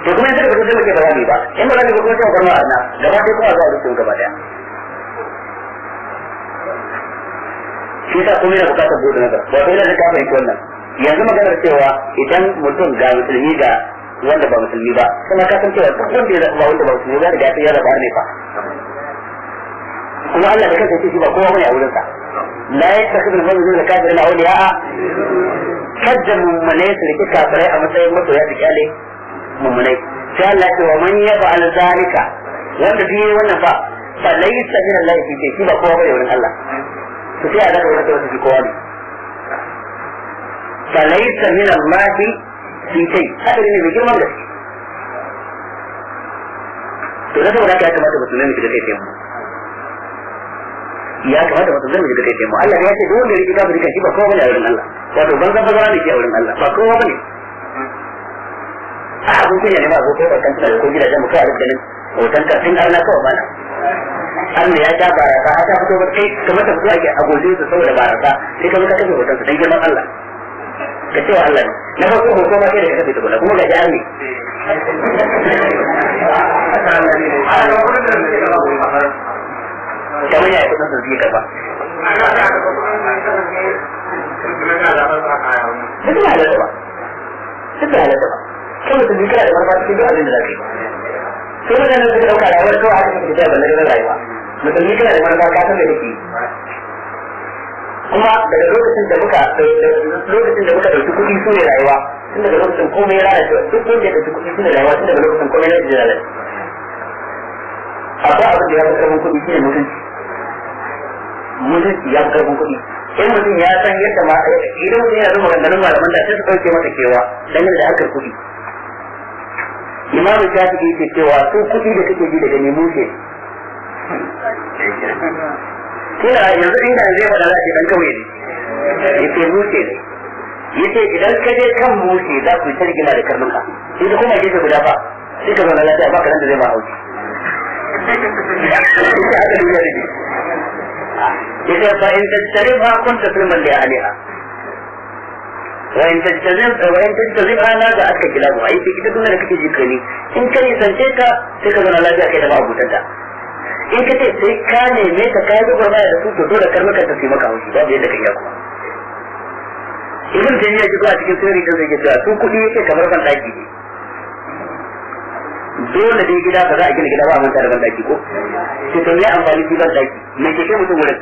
to kuma yanzu da mutum zai ba wani ba in ba zai kuma tsawon barna na gaba dai kuma za a rufe gaba daya shi ta kuma yana bukatar bude gaba wato yana da kama yake wannan yanzu maganar cewa idan mutum ga musulmi ga wanda ba musulmi ba kuma kasancewa duk wanda ya ba wanda ba musulmi ba da ya ba ne fa هو قال لك كده تجيب قوه ولا ولاك لا يتخذ الفن دون الكادر العليا شد المؤمنات لكتك عطريقة مثل يمت ويأتي كالي مؤمنات شالت ومن يفعل ذلك وان فيه وان فا فليس من الله في كي سيبا قوة غير من الله ففي عدد وانت في قوامي فليس من الله في كي هذا اللي يجي المملك تقول لك يا كما تبطلين في ذلك يا مؤمنات ya kamata wata zalmi da kai mu Allah ne ya ce dole ne yake kafiri shi ba kowa bane a wurin Allah wato ban banza zama ne ke a wurin Allah ba kowa bane a abin kunya ne ba ko kai kan tsare ko gidajen mu kai a rubuta nan hoton ka sun arna kawai bana Allah ya ta barasa a ta fito ba kai kamar ta fito ake a gobe su saboda barasa sai ka muka kafe hoton su dan girman Allah ka ce wa Allah ne na farko hoton kuma kai da ka kafe tukuna kuma ga ji arni Allah ne ta wani ya kudin su zai karba duk na halatta ba duk na halatta ba kai mutum zai da marfa cikin duk abin da zai sai mutane suka dauka rayuwar kawai haka suke tafiya balle na rayuwa mutum zai da marfa ka san da kuma daga lokacin da muka lokacin da muka dauki kuɗi su ne rayuwa tun daga lokacin komai ya lalace duk wanda ya dauki kuɗi su ne rayuwa tun daga lokacin komai ya lalace akwai abin da ya fi karfin kuɗi shi ne mutunci mulki ya karfin kuɗi in mutum ya san yadda ma idan mutum yana zama ganganin malaman da sai su ɗauke masa kewa dangane da harkar kuɗi imamu fi yake cewa su kuɗi da kake ji daga nemo ce kina yanzu inda zai faɗa za a ce dan kauye ne ce mushe ne ce idan ka je kan mushe za ku ta rigima da karnuka sai da kuma gefe guda ba sai ka zauna lafiya ba ka nan da zai ma hauki yace fa in in tajtarib wa in tajtaribha la ga aka kilabu ai sai ita duniya da kake ji in ka nisance ka sai ka zauna lafiya kai da a da in ka ce sai ka neme ka kai zubar baya da su to dole karnukan ta su maka haushi babu yadda kai ya kuma ibn tayyiya ji ba cikin sirri da zai ce su kuɗi yake kamar ban daki ne dole dai gida ka za a gina gida ba a manta da ban daki ko to to yi amfani shi ban daki me ke kai mutum wurin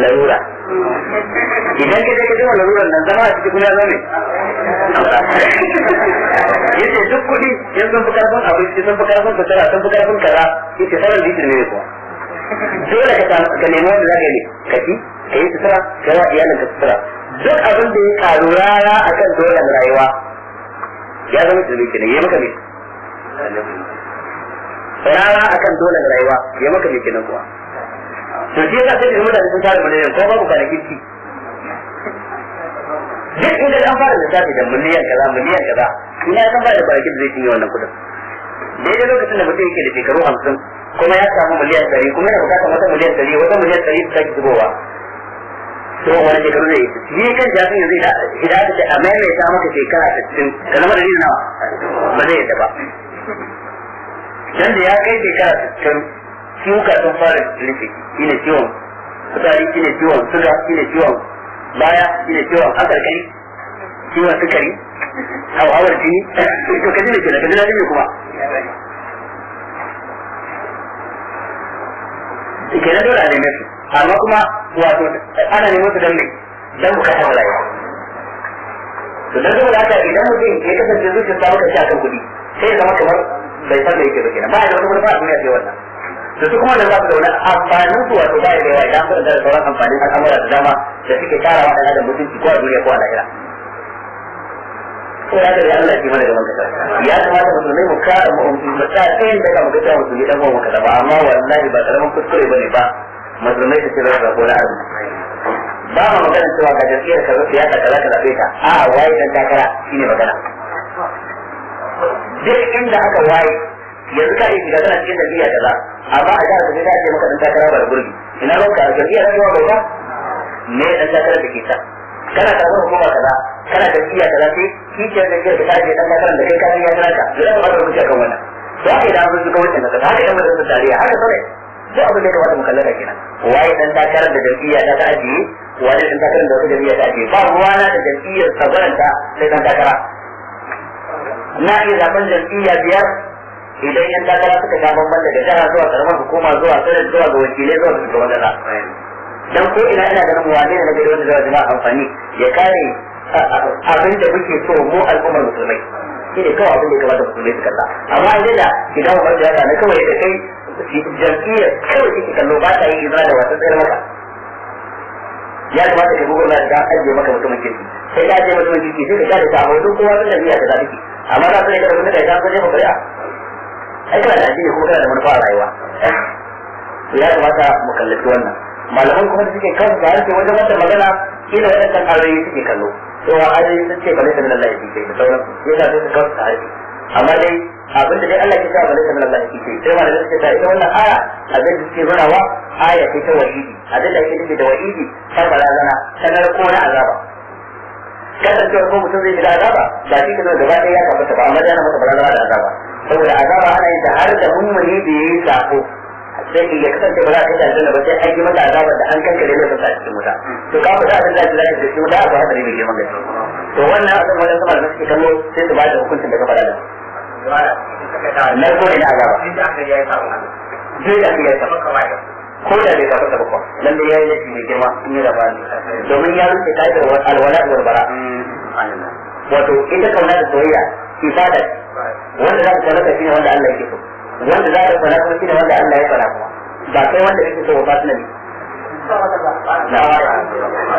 larura idan ka je ka gama nan zama a cikin kuma ya zame yace duk kuɗi yan sun fi karfin abinci sun fi karfin sutura sun fi karfin kaza yace sanar da yake ne ko dole ka ka nemi wanda za ka yi ka ci ka yi tsara ka yi iyalin ka tsara duk abin da ya karu rara akan dole rayuwa ya zama shirme kenan ya maka ne rara akan dole rayuwa ya maka ne kenan kuwa to shi yasa sai kuma da sun tare miliyan ko babu kwanaki ci duk inda an fara da tafi da miliyan kaza miliyan kaza ina san ba da kwanaki zai cinye wannan kudin daidai lokacin da mutum yake da shekaru hamsin kuma ya samu miliyan ɗari kuma yana bukatar wata miliyan ɗari wata miliyan ɗari ta sake zubowa to wani shekaru zai yi kan jafin yanzu idan aka ce a maimaita maka shekara 60 ka zama da nawa ba zai yadda ba can da ya kai shekara sittin ciwuka sun fara rike ina ne ciwon fitsari shi ciwon suga ina ne ciwon baya shi ne ciwon hakarkari ciwon sukari hawar jini ko kaji ne kenan kaji na jini kuma kenan dole a neme su amma kuma wato ana nemo su dan mai dan bukatar rayuwa to dan saboda haka idan mutum ya kasance zuciya zuciyarsa maka a kan kuɗi sai ya zama kamar bai san da yake ba kenan ba ya zama ba a duniya sai wannan da su kuma da za su da wani amfanin su wato ba ya da yawa idan su da sauran amfanin al'amura da dama da suke kara wa ɗan adam mutunci ko a duniya ko a lahira ko ya da ya Allah ki mana gaban kasa ya kamata mu ne mu ka mu mu ta tsayin da mu ga mu ji dan mu kaza ba amma wallahi ba karaman kuskure bane ba mazrumai ta ce za ka gona arziki ba ma magana cewa ga jam'iyyar kaza siyasa kaza kaza bai ta a waye dan takara shine magana duk inda aka waye yanzu ka yi shiga tana cikin jam'iyya kaza amma a jihar Kaduna ya ce maka dan takara ba da gurbi ina ranka a jam'iyya ta yawa ba me dan takara da ke ta kana karɓar hukuma kaza kana jam'iyya kaza sai kiciyar da ke da ta ce dan takarar da kai kafin ya tana ka zai ba da rubuci akan wannan to haka idan mun shiga ta kaza haka idan mun su tarayya haka sai duk abin da ya kamata mu kallara kenan waye dan takarar da jam'iyya ta ta ajiye wani dan takarar da wata jam'iyya ta ajiye ba ruwana da jam'iyyar tsabaranta sai dan takara na iya zaben jam'iyya biyar idan yan takara suka sha bamban daga jihar zuwa karamar hukuma zuwa sanar zuwa ga wakilai zuwa shugaban kasa dan ko ina ina ganin wane ne na gari wanda zai jama'a amfani ya kare abin da muke so mu al'ummar musulmai shi ne kawai abin da ya kamata musulmai su kalla amma idan da idan wani jihar na kawai da kai jam'iyyar kawai take kallo ba ta yi izina da wasan tsayar maka ya kamata ka gugu na da ajiye maka mutumin kirki sai ka ajiye mutumin kirki sai ka sha da ta a wajen kowa sun da niyya ta zaɓi amma da sai ka da wanda ya san sai ba ai kana da ajiye kuma kana da manufa a rayuwa to ya kamata mu kallaci wannan malaman kuma suke kan da harshe wanda wanda magana kila wadannan ayoyi suke kallo cewa ayoyi sun ce balai sanin Allah ya fi da sauran yana sai su kan da harshe amma dai abin da dai Allah ke cewa balai sanin Allah ya fi sai ma da suke ta ita wannan aya a da suke zanawa aya ce ta wahidi a da ake nufi da wahidi ta balazana ta narko na azaba kasancewar ko mutum zai shiga azaba ba shi kazo gaba ɗaya ya tabbata ba amma yana masa barazana da azaba saboda azaba ana yin ta har da mummuni da yi sako sai ya kasance ba za a kai da ba sai an yi masa azaba da an kankare masa sa cikin wuta to ka a abin da zai zai cikin wuta ba haka ne mai girman gaske to wannan abin wajen sama da suke kallo sai su ba da hukuncin da ka faɗa da na so ne na azaba duk da aka yi ya ko da bai kafa ba nan da yayi laifi mai girma in ya raba ni domin ya rufe kaidar alwala da warbara wato ita kauna da soyayya ibada wanda za ka kauna ka shine wanda Allah yake so wanda za ka kauna kuma shine wanda Allah ya fara kuma ba kai wanda yake so ba tunan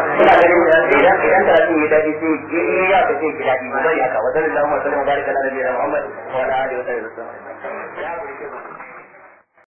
ina ganin idan idan ta sun yi dadi sun yi ya ka ce gida ba zai haka wa sallallahu alaihi wa sallam baraka ala nabiyina muhammad wa ala alihi wa sahbihi